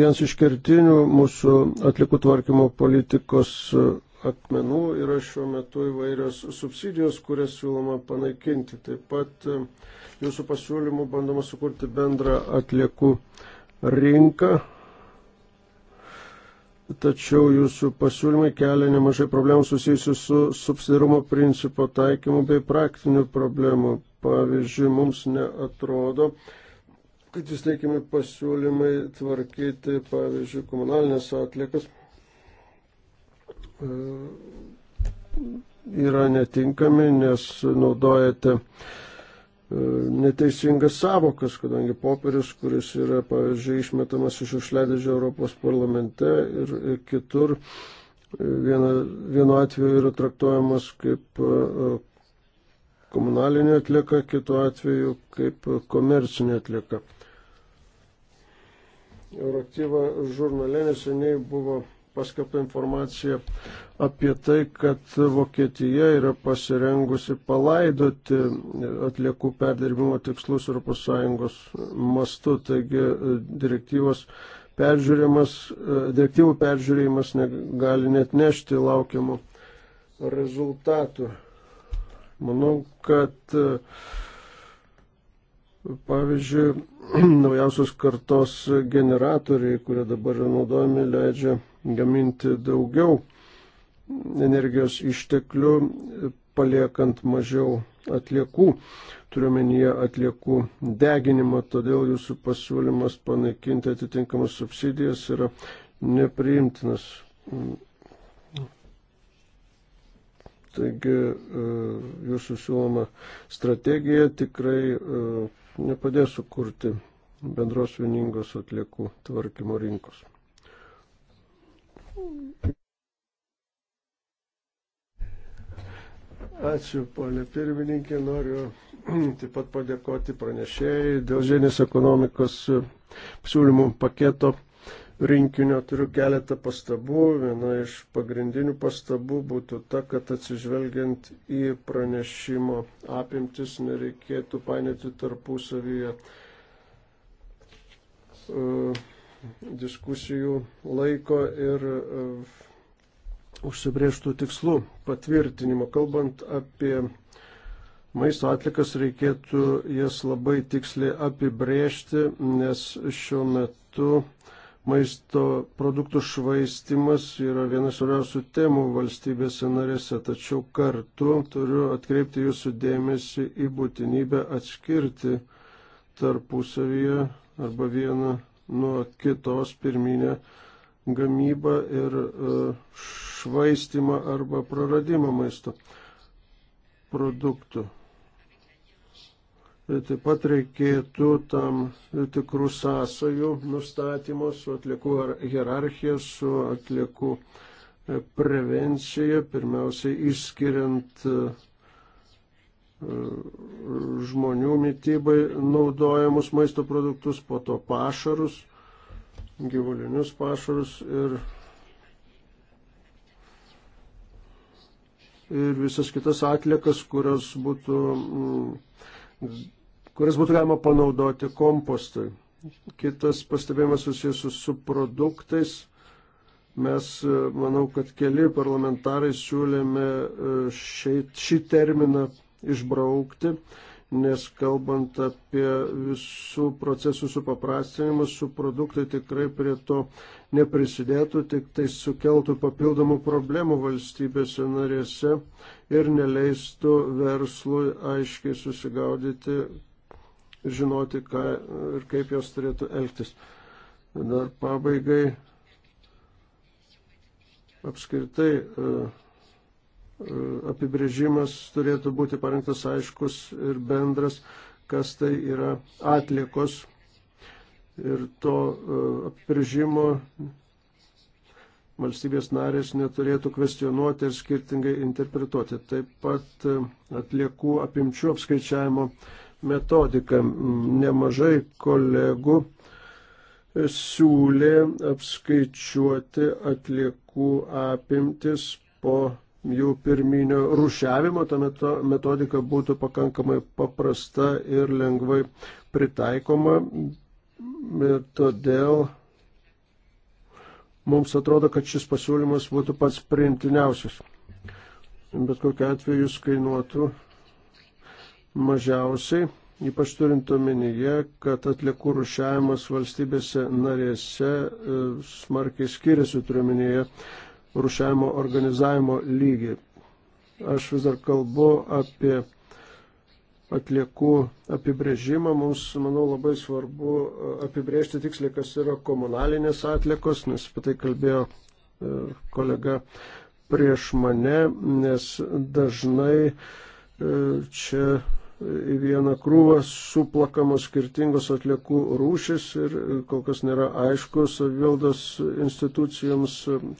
vienas iš kertinių mūsų atlikų tvarkymo politikos e, akmenų yra šiuo metu įvairios subsidijos, kurias siūloma panaikinti. Taip pat e, jūsų pasiūlymų bandoma sukurti bendrą atliekų rinką, tačiau jūsų pasiūlymai kelia nemažai problemų susijusių su subsidirumo principo taikymu bei praktinių problemų. Pavyzdžiui, mums neatrodo, kad jūs teikiami pasiūlymai tvarkyti, pavyzdžiui, komunalinės atliekas e, yra netinkami, nes naudojate neteisingas savokas, kadangi popierius, kuris yra, pavyzdžiui, išmetamas iš užledėžio Europos parlamente ir kitur, viena, vienu atveju yra traktuojamas kaip e, komunalinė atlieka, kitu atveju kaip komercinė atlieka. Euraktyva žurnale neseniai buvo paskelbta informacija apie tai, kad Vokietija yra pasirengusi palaidoti atliekų perdirbimo tikslus ES mastu. Taigi direktyvos peržiūrėjimas, direktyvų peržiūrėjimas gali net nešti laukiamų rezultatų. Manau, kad pavyzdžiui, naujausios kartos generatoriai, kurie dabar yra naudojami, leidžia gaminti daugiau energijos išteklių, paliekant mažiau atliekų, turiuomenyje atliekų deginimą, todėl jūsų pasiūlymas panaikinti atitinkamas subsidijas yra nepriimtinas. Taigi e, jūsų siūloma strategija tikrai e, nepadės sukurti bendros vieningos atliekų tvarkymo rinkos. Ačiū, ponė pirmininkė. Noriu taip pat padėkoti pranešėjai dėl žemės ekonomikos siūlymų paketo rinkinio. Turiu keletą pastabų. Viena iš pagrindinių pastabų būtų ta, kad atsižvelgiant į pranešimo apimtis nereikėtų painėti tarpusavyje. Uh, diskusijų laiko ir e, užsibrieštų tikslų patvirtinimo. Kalbant apie maisto atlikas, reikėtų jas labai tiksliai apibrėžti, nes šiuo metu maisto produktų švaistimas yra vienas svarbiausių temų valstybėse narėse, tačiau kartu turiu atkreipti jūsų dėmesį į būtinybę atskirti tarpusavyje arba vieną nuo kitos pirminę gamybą ir e, švaistimą arba praradimą maisto produktų. Taip pat reikėtų tam tikrų sąsajų nustatymo su atliekų hierarchija, su atliekų e, prevencija, pirmiausiai išskiriant uh, žmonių mytybai naudojamus maisto produktus, po to pašarus, gyvulinius pašarus ir, ir visas kitas atliekas, kurios būtų, mm, kurias būtų galima panaudoti kompostui. Kitas pastebėjimas susijęs su produktais mes, e, manau, kad keli parlamentarai siūlėme e, šį terminą išbraukti, nes kalbant apie visų procesų supaprastinimą, su produktai tikrai prie to neprisidėtų, tik tai sukeltų papildomų problemų valstybėse narėse ir neleistų verslui aiškiai susigaudyti ir žinoti, ką ir kaip jos turėtų elgtis. Dar pabaigai apskritai. Uh, apibrėžimas turėtų būti parengtas aiškus ir bendras, kas tai yra atlikos. Ir to e, apibrėžimo valstybės narės neturėtų kvestionuoti ir skirtingai interpretuoti. Taip pat e, atliekų apimčių apskaičiavimo metodika. Nemažai kolegų siūlė apskaičiuoti atliekų apimtis po jų pirminio rušiavimo, ta metodika būtų pakankamai paprasta ir lengvai pritaikoma. Ir todėl mums atrodo, kad šis pasiūlymas būtų pats priimtiniausias. Bet kokiu atveju jis kainuotų mažiausiai, ypač turint omenyje, kad atliekų rušiavimas valstybėse narėse e, smarkiai skiriasi, turiu omenyje rušiavimo organizavimo lygį. Aš vis dar kalbu apie atliekų apibrėžimą. Mums, manau, labai svarbu e, apibrėžti tiksliai, kas yra komunalinės atliekos, nes apie tai kalbėjo e, kolega prieš mane, nes dažnai e, čia į vieną krūvą suplakamos skirtingos atliekų rūšis ir kol kas nėra aišku savivaldos institucijoms,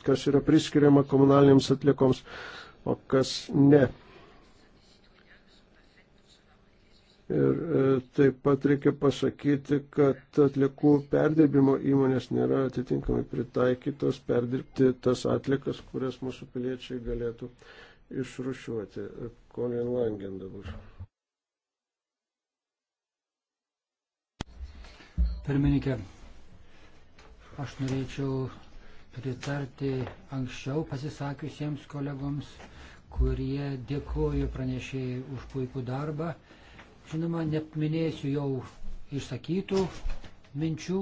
kas yra priskiriama komunalinėms atliekoms, o kas ne. Ir e, taip pat reikia pasakyti, kad atliekų perdirbimo įmonės nėra atitinkamai pritaikytos perdirbti tas atliekas, kurias mūsų piliečiai galėtų išrušiuoti. Kolin Langen dabar. pirmininkė. Aš norėčiau pritarti anksčiau pasisakiusiems kolegoms, kurie dėkoju pranešėjai už puikų darbą. Žinoma, neminėsiu jau išsakytų minčių,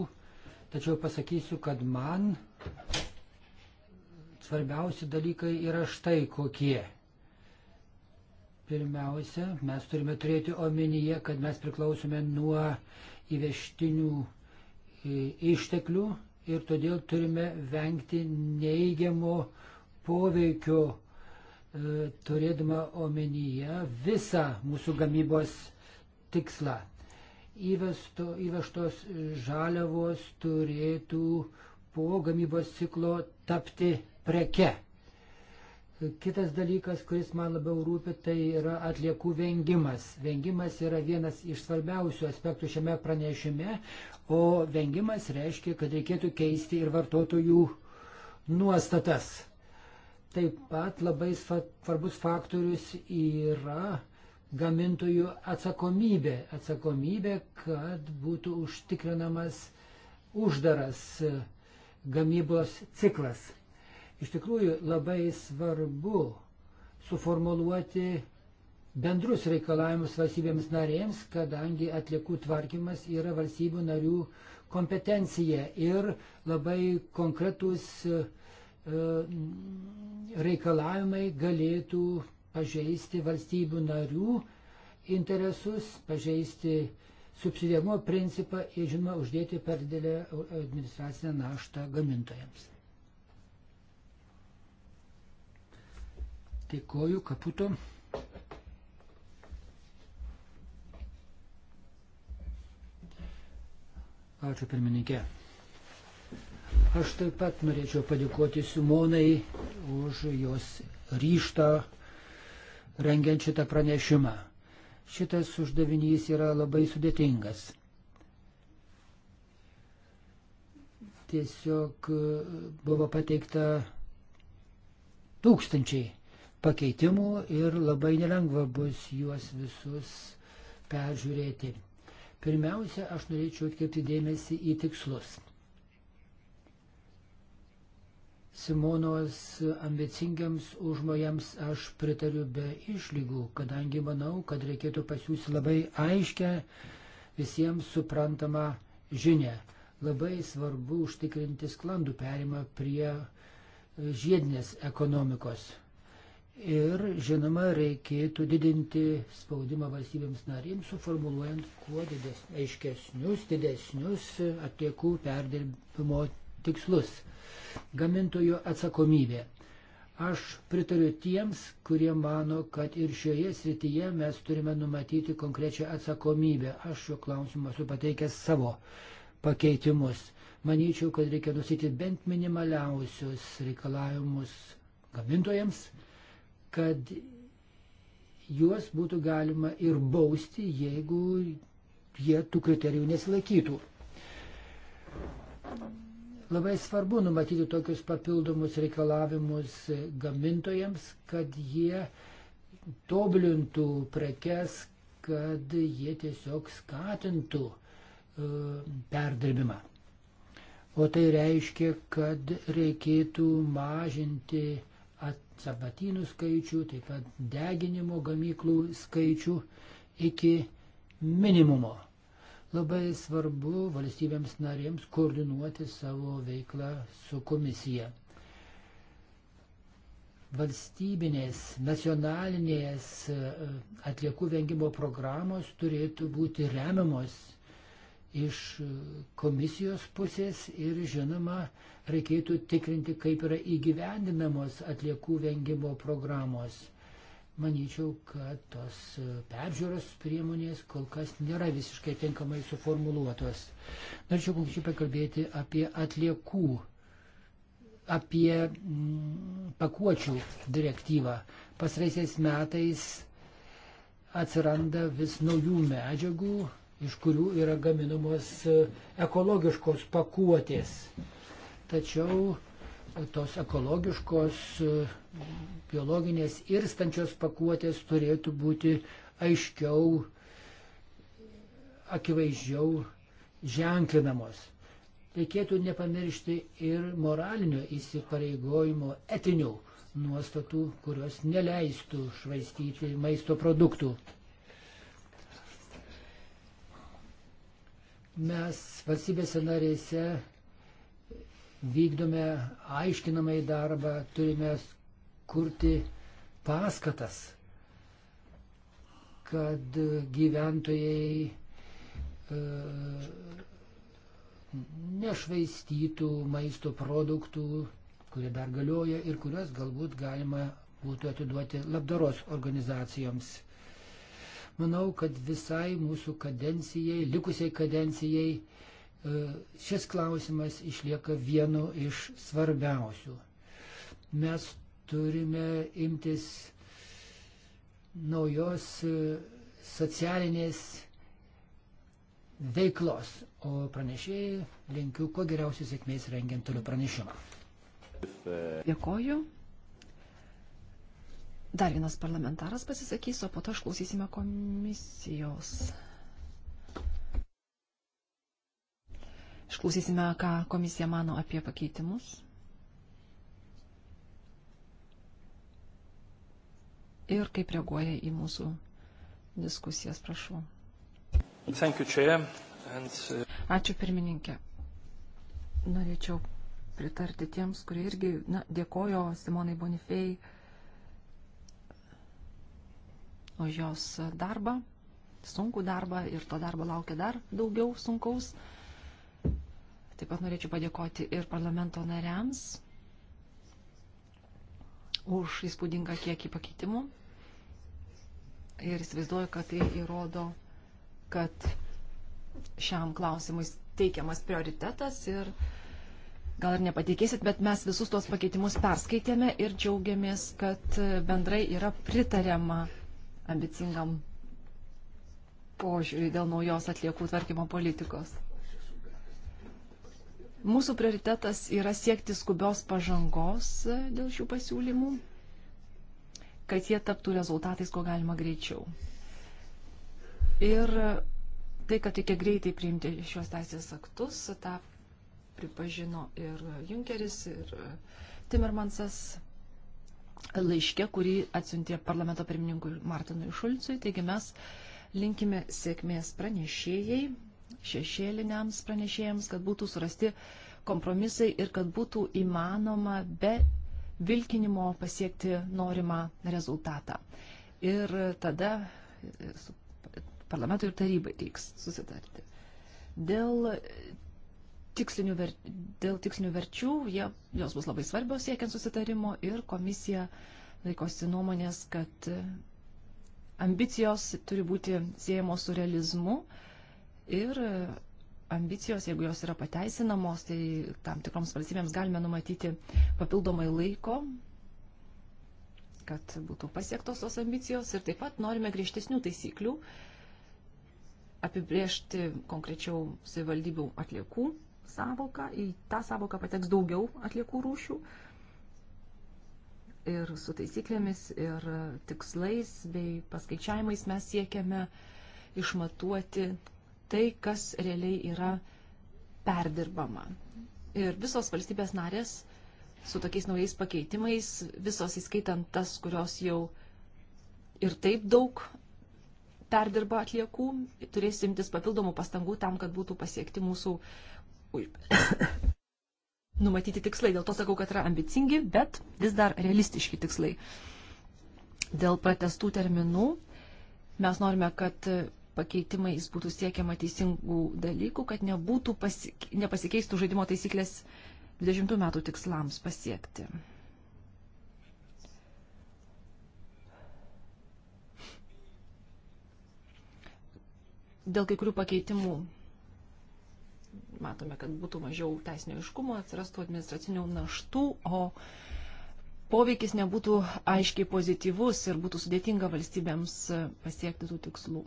tačiau pasakysiu, kad man svarbiausi dalykai yra štai kokie. Pirmiausia, mes turime turėti omenyje, kad mes priklausome nuo įvežtinių išteklių ir todėl turime vengti neįgiamo poveikio, e, turėdama omenyje visą mūsų gamybos tikslą. Įvesto, įvežtos žaliavos turėtų po gamybos ciklo tapti preke. Kitas dalykas, kuris man labiau rūpi, tai yra atliekų vengimas. Vengimas yra vienas iš svarbiausių aspektų šiame pranešime, o vengimas reiškia, kad reikėtų keisti ir vartotojų nuostatas. Taip pat labai svarbus faktorius yra gamintojų atsakomybė. Atsakomybė, kad būtų užtikrinamas uždaras gamybos ciklas Iš tikrųjų labai svarbu suformuluoti bendrus reikalavimus valstybėms narėms, kadangi atliekų tvarkymas yra valstybių narių kompetencija ir labai konkretus e, reikalavimai galėtų pažeisti valstybių narių interesus, pažeisti subsidiamo principą ir, žinoma, uždėti per didelę administracinę naštą gamintojams. Dėkoju, kaputo. Ačiū pirmininkė. Aš taip pat norėčiau padėkoti Simonai už jos ryštą rengiant šitą pranešimą. Šitas uždavinys yra labai sudėtingas. Tiesiog e, buvo pateikta tūkstančiai pakeitimų ir labai nelengva bus juos visus peržiūrėti. Pirmiausia, aš norėčiau atkreipti dėmesį į tikslus. Simonos ambicingiams užmojams aš pritariu be išlygų, kadangi manau, kad reikėtų pasiūsti labai aiškę, visiems suprantamą žinę. Labai svarbu užtikrinti sklandų perimą prie žiedinės ekonomikos. Ir, žinoma, reikėtų didinti spaudimą valstybėms narėms, suformuluojant kuo didesnius, aiškesnius, didesnius atliekų perdirbimo tikslus. Gamintojo atsakomybė. Aš pritariu tiems, kurie mano, kad ir šioje srityje mes turime numatyti konkrečią atsakomybę. Aš šio klausimą esu pateikęs savo pakeitimus. Manyčiau, kad reikia nusiti bent minimaliausius reikalavimus gamintojams kad juos būtų galima ir bausti, jeigu jie tų kriterijų nesilaikytų. Labai svarbu numatyti tokius papildomus reikalavimus gamintojams, kad jie tobulintų prekes, kad jie tiesiog skatintų e, perdirbimą. O tai reiškia, kad reikėtų mažinti atsabatynų skaičių, taip pat deginimo gamyklų skaičių iki minimumo. Labai svarbu valstybėms narėms koordinuoti savo veiklą su komisija. Valstybinės, nacionalinės e, atliekų vengimo programos turėtų būti remiamos iš komisijos pusės ir žinoma reikėtų tikrinti, kaip yra įgyvendinamos atliekų vengimo programos. Manyčiau, kad tos peržiūros priemonės kol kas nėra visiškai tinkamai suformuluotos. Norėčiau konkrečiai pakalbėti apie atliekų, apie mm, pakuočių direktyvą. Pasraisiais metais atsiranda vis naujų medžiagų, iš kurių yra gaminamos e, ekologiškos pakuotės. Tačiau e, tos ekologiškos e, biologinės irstančios pakuotės turėtų būti aiškiau, akivaizdžiau ženklinamos. Reikėtų nepamiršti ir moralinio įsipareigojimo etinių nuostatų, kurios neleistų švaistyti maisto produktų. Mes valstybėse narėse vykdome aiškinamai darbą, turime kurti paskatas, kad gyventojai e, nešvaistytų maisto produktų, kurie dar galioja ir kuriuos galbūt galima būtų atiduoti labdaros organizacijoms. Manau, kad visai mūsų kadencijai, likusiai kadencijai, e, šis klausimas išlieka vienu iš svarbiausių. Mes turime imtis naujos e, socialinės veiklos, o pranešėjai linkiu kuo geriausios sėkmės rengiant toliau pranešimą. Dėkoju. Dar vienas parlamentaras pasisakys, o po to išklausysime komisijos. Išklausysime, ką komisija mano apie pakeitimus. Ir kaip reaguoja į mūsų diskusijas, prašau. Thank you, Chair. And... Uh, Ačiū pirmininkė. Norėčiau pritarti tiems, kurie irgi na, dėkojo Simonai Bonifei už jos darbą, sunkų darbą ir to darbo laukia dar daugiau sunkaus. Taip pat norėčiau padėkoti ir parlamento nariams už įspūdingą kiekį pakeitimų. Ir įsivaizduoju, kad tai įrodo, kad šiam klausimui teikiamas prioritetas ir gal ir nepateikėsit, bet mes visus tuos pakeitimus perskaitėme ir džiaugiamės, kad bendrai yra pritariama ambicingam požiūriui dėl naujos atliekų tvarkymo politikos. Mūsų prioritetas yra siekti skubios pažangos e, dėl šių pasiūlymų, kad jie taptų rezultatais, ko galima greičiau. Ir e, tai, kad reikia greitai priimti šios teisės aktus, tą pripažino ir Junkeris, ir e, Timmermansas laiške, kurį atsiuntė parlamento pirmininkui Martinui Šulcui. Taigi mes linkime sėkmės pranešėjai, šešėliniams pranešėjams, kad būtų surasti kompromisai ir kad būtų įmanoma be vilkinimo pasiekti norimą rezultatą. Ir tada su parlamentui ir tarybai reiks susitarti. Dėl tikslinių ver, dėl tikslinių verčių, jie, jos bus labai svarbios siekiant susitarimo ir komisija laikosi nuomonės, kad e, ambicijos turi būti siejamos su realizmu ir e, ambicijos, jeigu jos yra pateisinamos, tai tam tikroms valstybėms galime numatyti papildomai laiko, kad būtų pasiektos tos ambicijos ir taip pat norime griežtesnių taisyklių apibriežti konkrečiau savivaldybių atliekų savoką, į tą savoką pateks daugiau atliekų rūšių ir su taisyklėmis, ir tikslais bei paskaičiavimais mes siekiame išmatuoti tai, kas realiai yra perdirbama. Ir visos valstybės narės su tokiais naujais pakeitimais, visos įskaitant tas, kurios jau ir taip daug perdirba atliekų, turės imtis papildomų pastangų tam, kad būtų pasiekti mūsų numatyti tikslai. Dėl to sakau, kad yra ambicingi, bet vis dar realistiški tikslai. Dėl pratestų terminų mes norime, kad pakeitimais būtų siekiama teisingų dalykų, kad nebūtų pasik... nepasikeistų žaidimo taisyklės 20 metų tikslams pasiekti. Dėl kai kurių pakeitimų matome, kad būtų mažiau teisinio iškumo, atsirastų administracinių naštų, o poveikis nebūtų aiškiai pozityvus ir būtų sudėtinga valstybėms pasiekti tų tikslų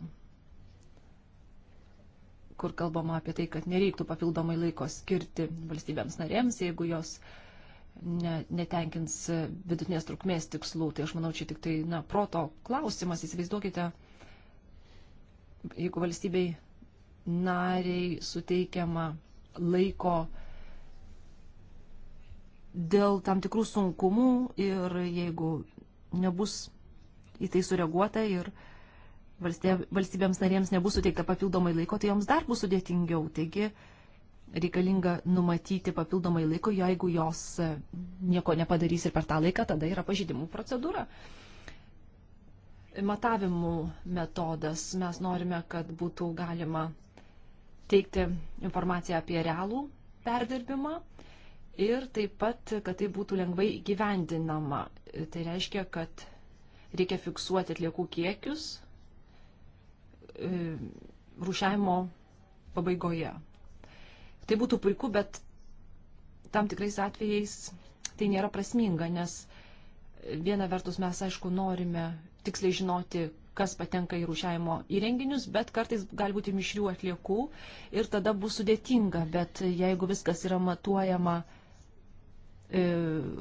kur kalbama apie tai, kad nereiktų papildomai laiko skirti valstybėms narėms, jeigu jos ne, netenkins vidutinės trukmės tikslų. Tai aš manau, čia tik tai na, proto klausimas. Įsivaizduokite, jeigu valstybei nariai suteikiama laiko dėl tam tikrų sunkumų ir jeigu nebus į tai sureaguota ir valstybėms narėms nebus suteikta papildomai laiko, tai joms dar bus sudėtingiau. Taigi reikalinga numatyti papildomai laiko, jeigu jos e, nieko nepadarys ir per tą laiką, tada yra pažydimų procedūra. Matavimų metodas. Mes norime, kad būtų galima teikti informaciją apie realų perdirbimą ir taip pat, kad tai būtų lengvai gyvendinama. Tai reiškia, kad reikia fiksuoti atliekų kiekius e, rūšiavimo pabaigoje. Tai būtų puiku, bet tam tikrais atvejais tai nėra prasminga, nes viena vertus mes, aišku, norime tiksliai žinoti, kas patenka į rūšiavimo įrenginius, bet kartais gali būti mišrių atliekų ir tada bus sudėtinga, bet jeigu viskas yra matuojama e,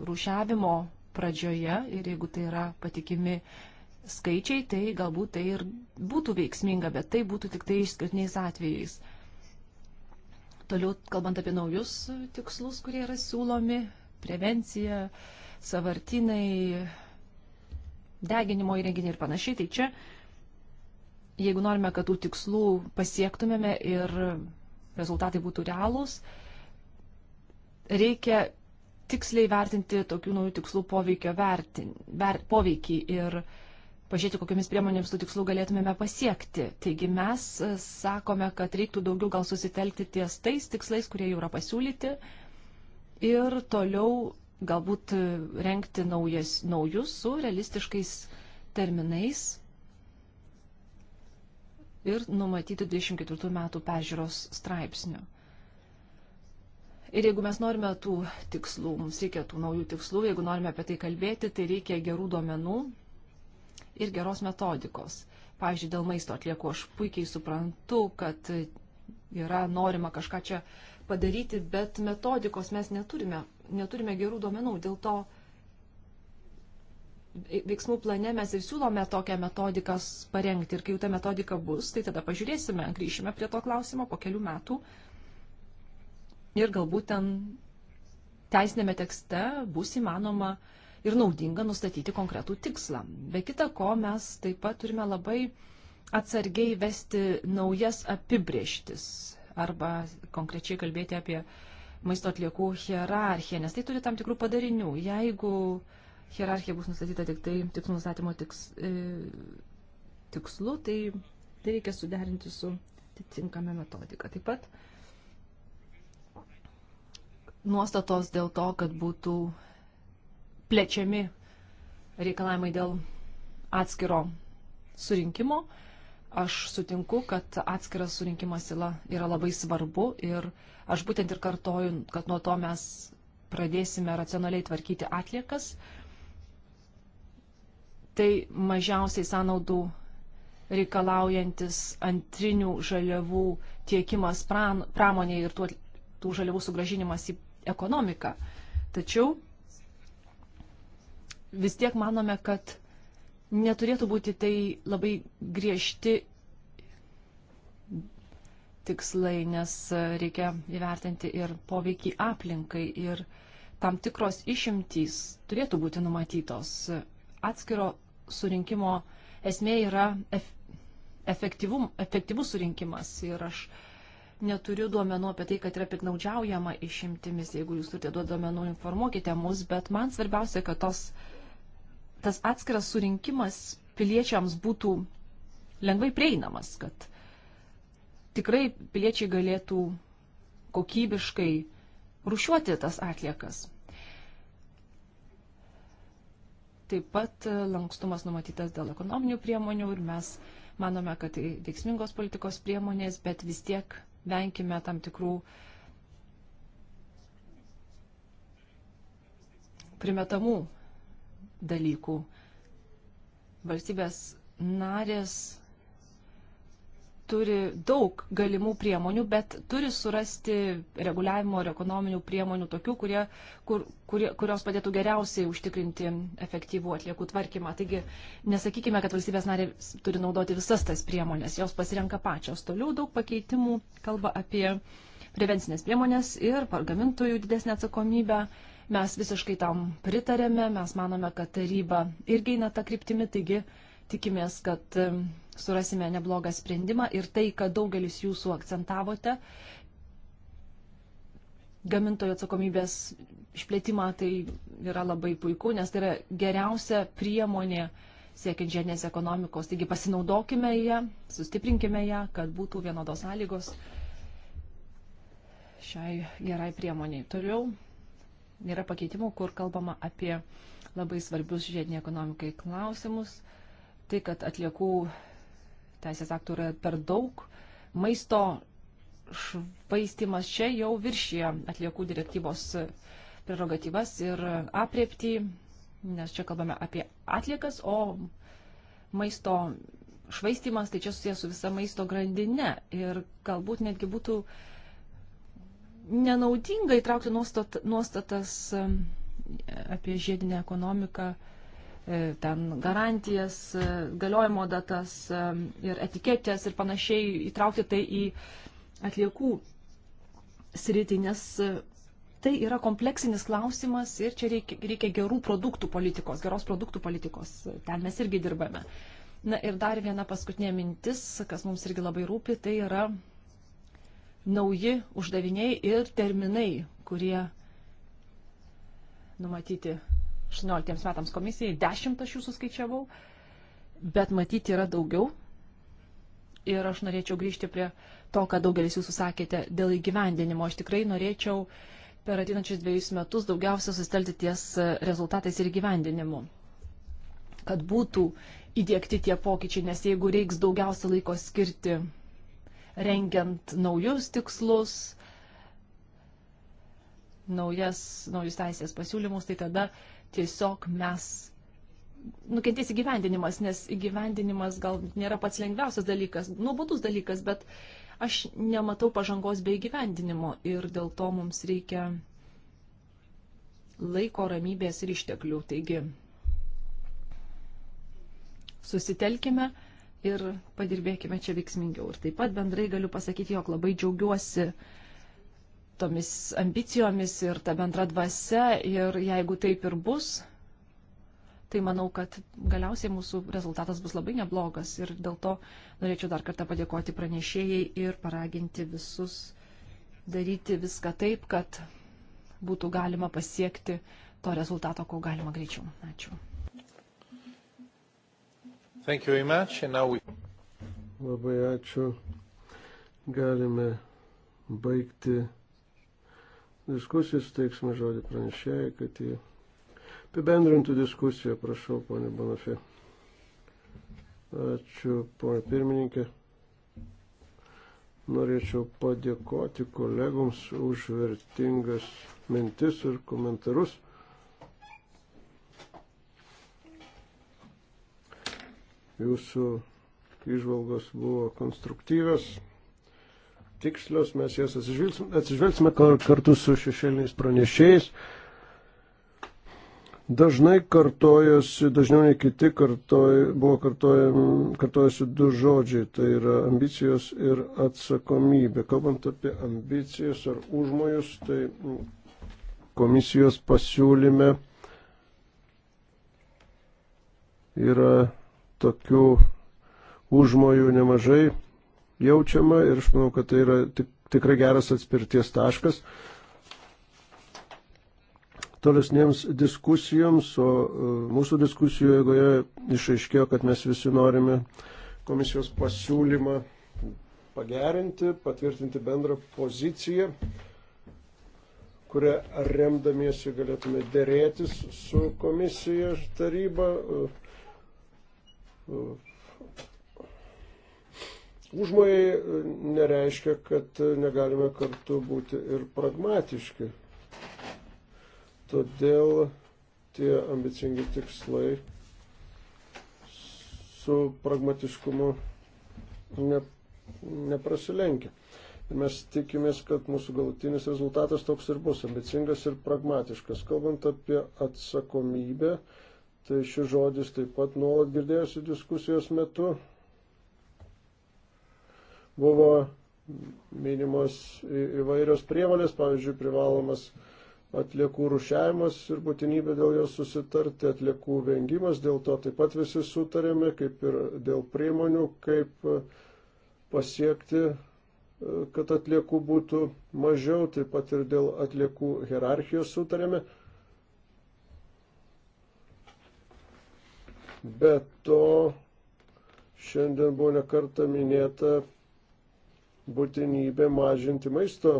rūšiavimo pradžioje ir jeigu tai yra patikimi skaičiai, tai galbūt tai ir būtų veiksminga, bet tai būtų tik tai išskirtiniais atvejais. Toliau, kalbant apie naujus tikslus, kurie yra siūlomi, prevencija, savartinai, deginimo įrenginiai ir panašiai. Tai čia, jeigu norime, kad tų tikslų pasiektumėme ir rezultatai būtų realūs, reikia tiksliai vertinti tokių naujų tikslų poveikio vertin, ver, poveikį ir pažiūrėti, kokiamis priemonėms tų tikslų galėtumėme pasiekti. Taigi mes e, sakome, kad reiktų daugiau gal susitelkti ties tais tikslais, kurie jau yra pasiūlyti ir toliau galbūt e, renkti naujas, naujus su realistiškais terminais ir numatyti 24 metų pežiūros straipsnių. Ir jeigu mes norime tų tikslų, mums reikia tų naujų tikslų, jeigu norime apie tai kalbėti, tai reikia gerų duomenų ir geros metodikos. Pavyzdžiui, dėl maisto atlieku aš puikiai suprantu, kad yra norima kažką čia padaryti, bet metodikos mes neturime neturime gerų duomenų. Dėl to veiksmų plane mes ir siūlome tokią metodiką parengti. Ir kai jau ta metodika bus, tai tada pažiūrėsime, grįšime prie to klausimo po kelių metų. Ir galbūt ten teisinėme tekste bus įmanoma ir naudinga nustatyti konkretų tikslą. Be kita ko, mes taip pat turime labai atsargiai vesti naujas apibrieštis arba konkrečiai kalbėti apie uh, maisto atliekų hierarchiją, nes tai turi tam tikrų padarinių. Jeigu hierarchija bus nustatyta tik tai tikslų nustatymo tiks, e, tikslu, tai tai reikia suderinti su atitinkama metodika. Taip pat nuostatos dėl to, kad būtų plečiami reikalavimai dėl atskiro surinkimo, Aš sutinku, kad atskiras surinkimas yra, yra labai svarbu ir aš būtent ir kartoju, kad nuo to mes pradėsime racionaliai tvarkyti atliekas. Tai mažiausiai sąnaudų reikalaujantis antrinių žaliavų tiekimas pramonėje ir tų, tų žaliavų sugražinimas į ekonomiką. Tačiau vis tiek manome, kad neturėtų būti tai labai griežti tikslai, nes reikia įvertinti ir poveikį aplinkai ir tam tikros išimtys turėtų būti numatytos. Atskiro surinkimo esmė yra efektyvum, efektyvus surinkimas ir aš neturiu duomenų apie tai, kad yra piknaudžiaujama išimtimis. Jeigu jūs turite duomenų, informuokite mus, bet man svarbiausia, kad tos uh, tas atskiras surinkimas piliečiams būtų lengvai prieinamas, kad tikrai piliečiai galėtų kokybiškai rušiuoti tas atliekas. Taip pat e, lankstumas numatytas dėl ekonominių priemonių ir mes manome, kad tai veiksmingos politikos priemonės, bet vis tiek venkime tam tikrų primetamų dalykų. Valstybės narės turi daug galimų priemonių, bet turi surasti reguliavimo ir ekonominių priemonių tokių, kurie, kur, kurie, kurios padėtų geriausiai užtikrinti efektyvų atliekų tvarkymą. Taigi nesakykime, kad valstybės narės turi naudoti visas tas priemonės, jos pasirenka pačios. Toliau daug pakeitimų kalba apie prevencinės priemonės ir gamintojų didesnę atsakomybę. Uh, Mes visiškai tam pritarėme, mes manome, kad taryba irgi eina tą kryptimį, taigi tikimės, kad surasime neblogą sprendimą ir tai, kad daugelis jūsų akcentavote gamintojo atsakomybės išplėtimą, tai yra labai puiku, nes tai yra geriausia priemonė siekiant žiedinės ekonomikos. Taigi pasinaudokime ją, sustiprinkime ją, kad būtų vienodos sąlygos šiai gerai priemoniai. Toliau yra pakeitimų, kur kalbama apie labai svarbius žiedinį ekonomikai klausimus. Tai, kad atliekų teisės aktų yra per daug, maisto švaistimas čia jau viršyje atliekų direktyvos prerogatyvas ir apriepti, nes čia kalbame apie atliekas, o maisto švaistimas, tai čia susijęs su visa maisto grandinė ir galbūt netgi būtų uh, nenaudinga įtraukti nuostat, nuostatas apie žiedinę ekonomiką, e, ten garantijas, e, galiojimo datas ir etiketės ir panašiai, įtraukti tai į atliekų sritį, nes e, tai yra kompleksinis klausimas ir čia reikia, reikia gerų produktų politikos, geros produktų politikos, ten mes irgi dirbame. Na ir dar viena paskutinė mintis, kas mums irgi labai rūpi, tai yra nauji uždaviniai ir terminai, kurie numatyti 18 metams komisijai. Dešimt aš jų suskaičiavau, bet matyti yra daugiau. Ir aš norėčiau grįžti prie to, ką daugelis jūsų sakėte dėl įgyvendinimo. Aš tikrai norėčiau per ateinančius dviejus metus daugiausia sustelti ties rezultatais ir įgyvendinimu. Kad būtų įdėkti tie pokyčiai, nes jeigu reiks daugiausia laiko skirti rengiant naujus tikslus, naujas, naujus teisės pasiūlymus, tai tada tiesiog mes nukentės įgyvendinimas, nes įgyvendinimas gal nėra pats lengviausias dalykas, nuobodus dalykas, bet aš nematau pažangos bei įgyvendinimo ir dėl to mums reikia laiko, ramybės ir išteklių. Taigi susitelkime ir padirbėkime čia veiksmingiau. Ir taip pat bendrai galiu pasakyti, jog labai džiaugiuosi tomis ambicijomis ir ta bendra dvasia ir jeigu taip ir bus, tai manau, kad galiausiai mūsų rezultatas bus labai neblogas ir dėl to norėčiau dar kartą padėkoti pranešėjai ir paraginti visus daryti viską taip, kad būtų galima pasiekti to rezultato, ko galima greičiau. Ačiū. Thank you very much. And now we... Labai ačiū. Galime baigti diskusijas, teiksime žodį pranešėjai, kad jį apibendrintų diskusiją. Prašau, ponė Bonafė. Ačiū, ponė pirmininkė. Norėčiau padėkoti kolegoms už vertingas mintis ir komentarus. Jūsų išvalgos buvo konstruktyvios, tikslios, mes jas atsižvelgsime, atsižvelgsime kartu su šešėliniais pranešėjais. Dažnai kartojosi, dažniau nei kiti kartoj, buvo kartojasi du žodžiai, tai yra ambicijos ir atsakomybė. Kalbant apie ambicijas ar užmojus, tai komisijos pasiūlyme yra tokių užmojų nemažai jaučiama ir aš manau, kad tai yra tik, tikrai geras atspirties taškas tolesniems diskusijoms, o e, mūsų diskusijų jėgoje išaiškėjo, kad mes visi norime komisijos pasiūlymą pagerinti, patvirtinti bendrą poziciją, kurią remdamiesi galėtume dėrėtis su komisija taryba, e, užmojai e, nereiškia, kad e, negalime kartu būti ir pragmatiški. Todėl tie ambicingi tikslai su pragmatiškumu ne, neprasilenkia. Ir mes tikimės, kad mūsų galutinis rezultatas toks ir bus - ambicingas ir pragmatiškas. Kalbant apie atsakomybę, uh, Tai šis žodis taip pat nuolat girdėjosi diskusijos metu. Buvo minimos įvairios prievalės, pavyzdžiui, privalomas atliekų rušiavimas ir būtinybė dėl jos susitarti, atliekų vengimas, dėl to taip pat visi sutarėme, kaip ir dėl priemonių, kaip pasiekti, kad atliekų būtų mažiau, taip pat ir dėl atliekų hierarchijos sutarėme. Bet to šiandien buvo nekarta minėta būtinybė mažinti maisto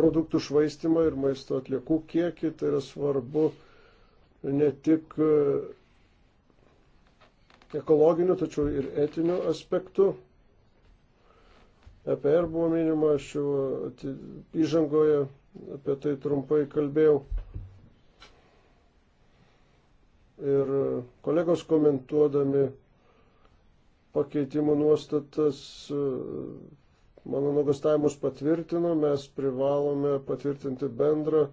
produktų švaistimą ir maisto atliekų kiekį. Tai yra svarbu ne tik e, ekologiniu, tačiau ir etiniu aspektu. EPR buvo minima, aš jau įžangoje apie tai trumpai kalbėjau ir kolegos komentuodami pakeitimo nuostatas mano nuogastavimus patvirtino, mes privalome patvirtinti bendrą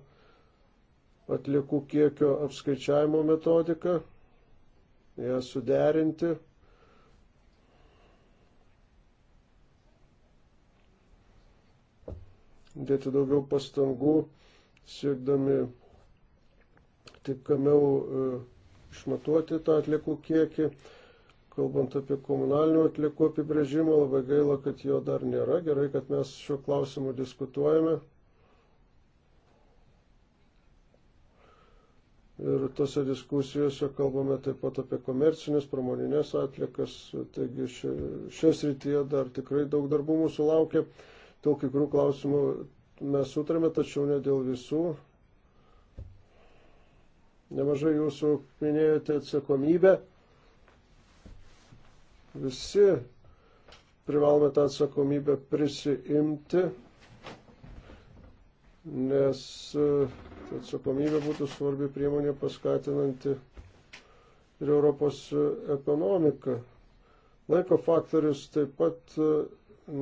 atliekų kiekio apskaičiavimo metodiką, ją suderinti. Dėti daugiau pastangų siekdami tinkamiau išmatuoti tą atliekų kiekį. Kalbant apie komunalinių atliekų apibrėžimą, labai gaila, kad jo dar nėra. Gerai, kad mes šiuo klausimu diskutuojame. Ir tose diskusijose kalbame taip pat apie komercinės, pramoninės atlikas. Taigi šios rytyje dar tikrai daug darbų mūsų laukia. Dėl kai kurių klausimų mes sutarėme, tačiau ne dėl visų. Nemažai jūsų minėjote atsakomybę. Visi privalome tą atsakomybę prisiimti, nes e, atsakomybė būtų svarbi priemonė paskatinanti ir Europos e, ekonomiką. Laiko faktorius taip pat e,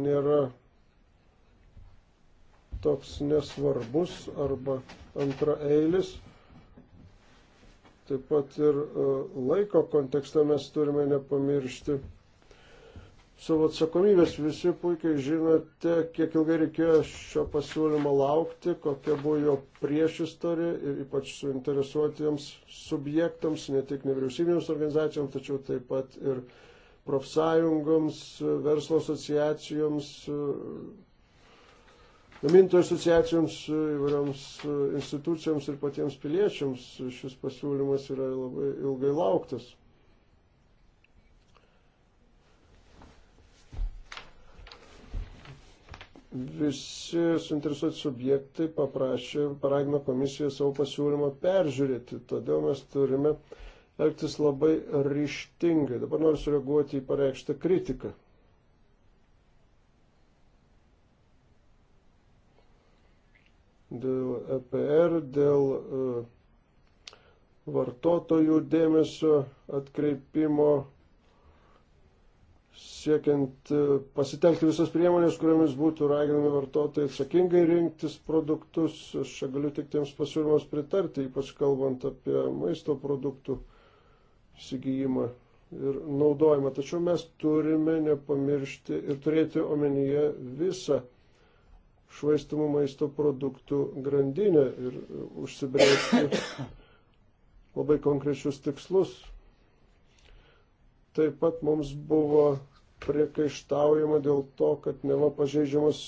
nėra toks nesvarbus arba antraeilis. eilis Taip pat ir e, laiko kontekste mes turime nepamiršti savo atsakomybės. Visi puikiai žinote, kiek ilgai reikėjo šio pasiūlymo laukti, kokia buvo jo priešistorė ir ypač suinteresuotiems subjektams, ne tik nevyriausybinėms organizacijoms, tačiau taip pat ir profsąjungoms, verslo asociacijoms, gamintojų asociacijoms, įvairioms e, institucijoms ir patiems piliečiams šis pasiūlymas yra labai ilgai lauktas. Visi suinteresuoti subjektai paprašė, paragino komisiją savo pasiūlymą peržiūrėti, todėl mes turime elgtis labai ryštingai. Dabar noriu sureaguoti į pareikštą kritiką. dėl EPR, dėl e, vartotojų dėmesio atkreipimo, siekiant e, pasitelkti visas priemonės, kuriamis būtų raginami vartotojai atsakingai rinktis produktus. Aš galiu tik tiems pasiūlymams pritarti, ypač kalbant apie maisto produktų įsigijimą ir naudojimą. Tačiau mes turime nepamiršti ir turėti omenyje visą švaistamų maisto produktų grandinę ir e, užsibrėžti labai konkrečius tikslus. Taip pat mums buvo priekaištaujama dėl to, kad neva pažeidžiamas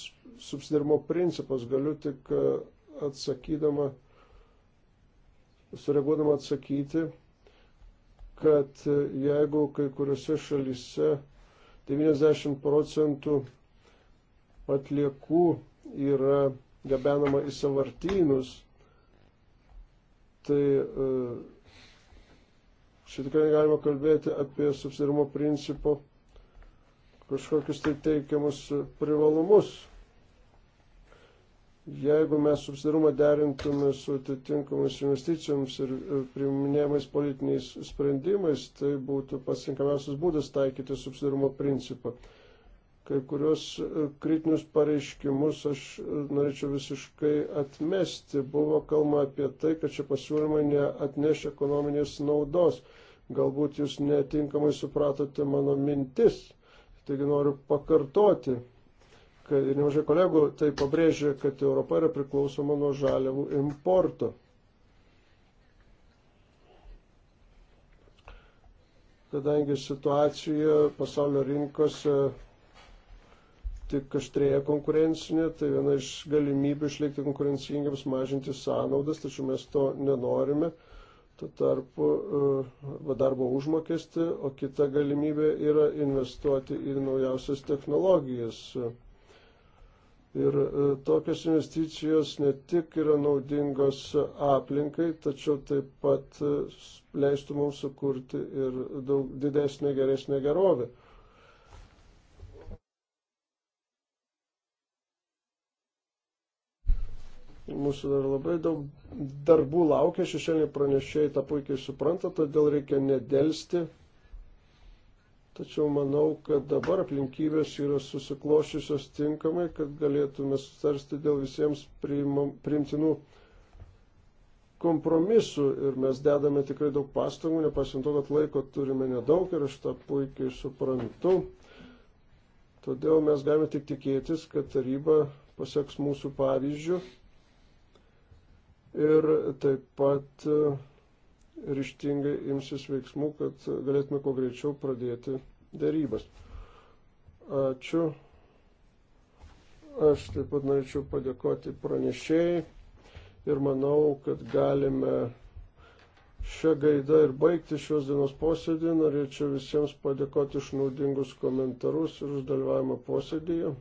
subsidirimo principas. Galiu tik e, atsakydama, sureaguodama atsakyti, kad e, jeigu kai kuriuose šalyse 90 procentų atliekų yra gabenama į savartynus, tai šitai e, galima kalbėti apie subsidirimo principo kažkokius tai teikiamus privalumus. Jeigu mes subsidirumą derintume su atitinkamais investicijoms ir e, priminėjimais politiniais sprendimais, tai būtų pasinkamiausias būdas taikyti subsidirumo principą kai kurios e, kritinius pareiškimus aš e, norėčiau visiškai atmesti. Buvo kalba apie tai, kad šie pasiūlymai neatneš ekonominės naudos. Galbūt jūs netinkamai supratote mano mintis. Taigi noriu pakartoti, kad nemažai kolegų tai pabrėžė, kad Europa yra priklausoma nuo žaliavų importo. Kadangi situacija pasaulio rinkose tik aštrėja konkurencinė, tai viena iš galimybių išlikti konkurencingiams mažinti sąnaudas, tačiau mes to nenorime. Tuo tarpu e, darbo užmokesti, o kita galimybė yra investuoti į naujausias technologijas. Ir e, tokios investicijos ne tik yra naudingos aplinkai, tačiau taip pat e, leistų mums sukurti ir daug didesnę, geresnę gerovę. mūsų dar labai daug darbų laukia, šešėliniai pranešėjai tą puikiai supranta, todėl reikia nedelsti. Tačiau manau, kad dabar aplinkybės yra susiklošiusios tinkamai, kad galėtume sustarsti dėl visiems priimam, priimtinų kompromisų ir mes dedame tikrai daug pastangų, nepaisant to, kad laiko turime nedaug ir aš tą puikiai suprantu. Todėl mes galime tik tikėtis, kad taryba pasieks mūsų pavyzdžių ir taip pat e, ryštingai imsis veiksmų, kad galėtume kuo greičiau pradėti dėrybas. Ačiū. Aš taip pat norėčiau padėkoti pranešėjai ir manau, kad galime šią gaidą ir baigti šios dienos posėdį. Norėčiau visiems padėkoti iš naudingus komentarus ir už dalyvavimą posėdėje.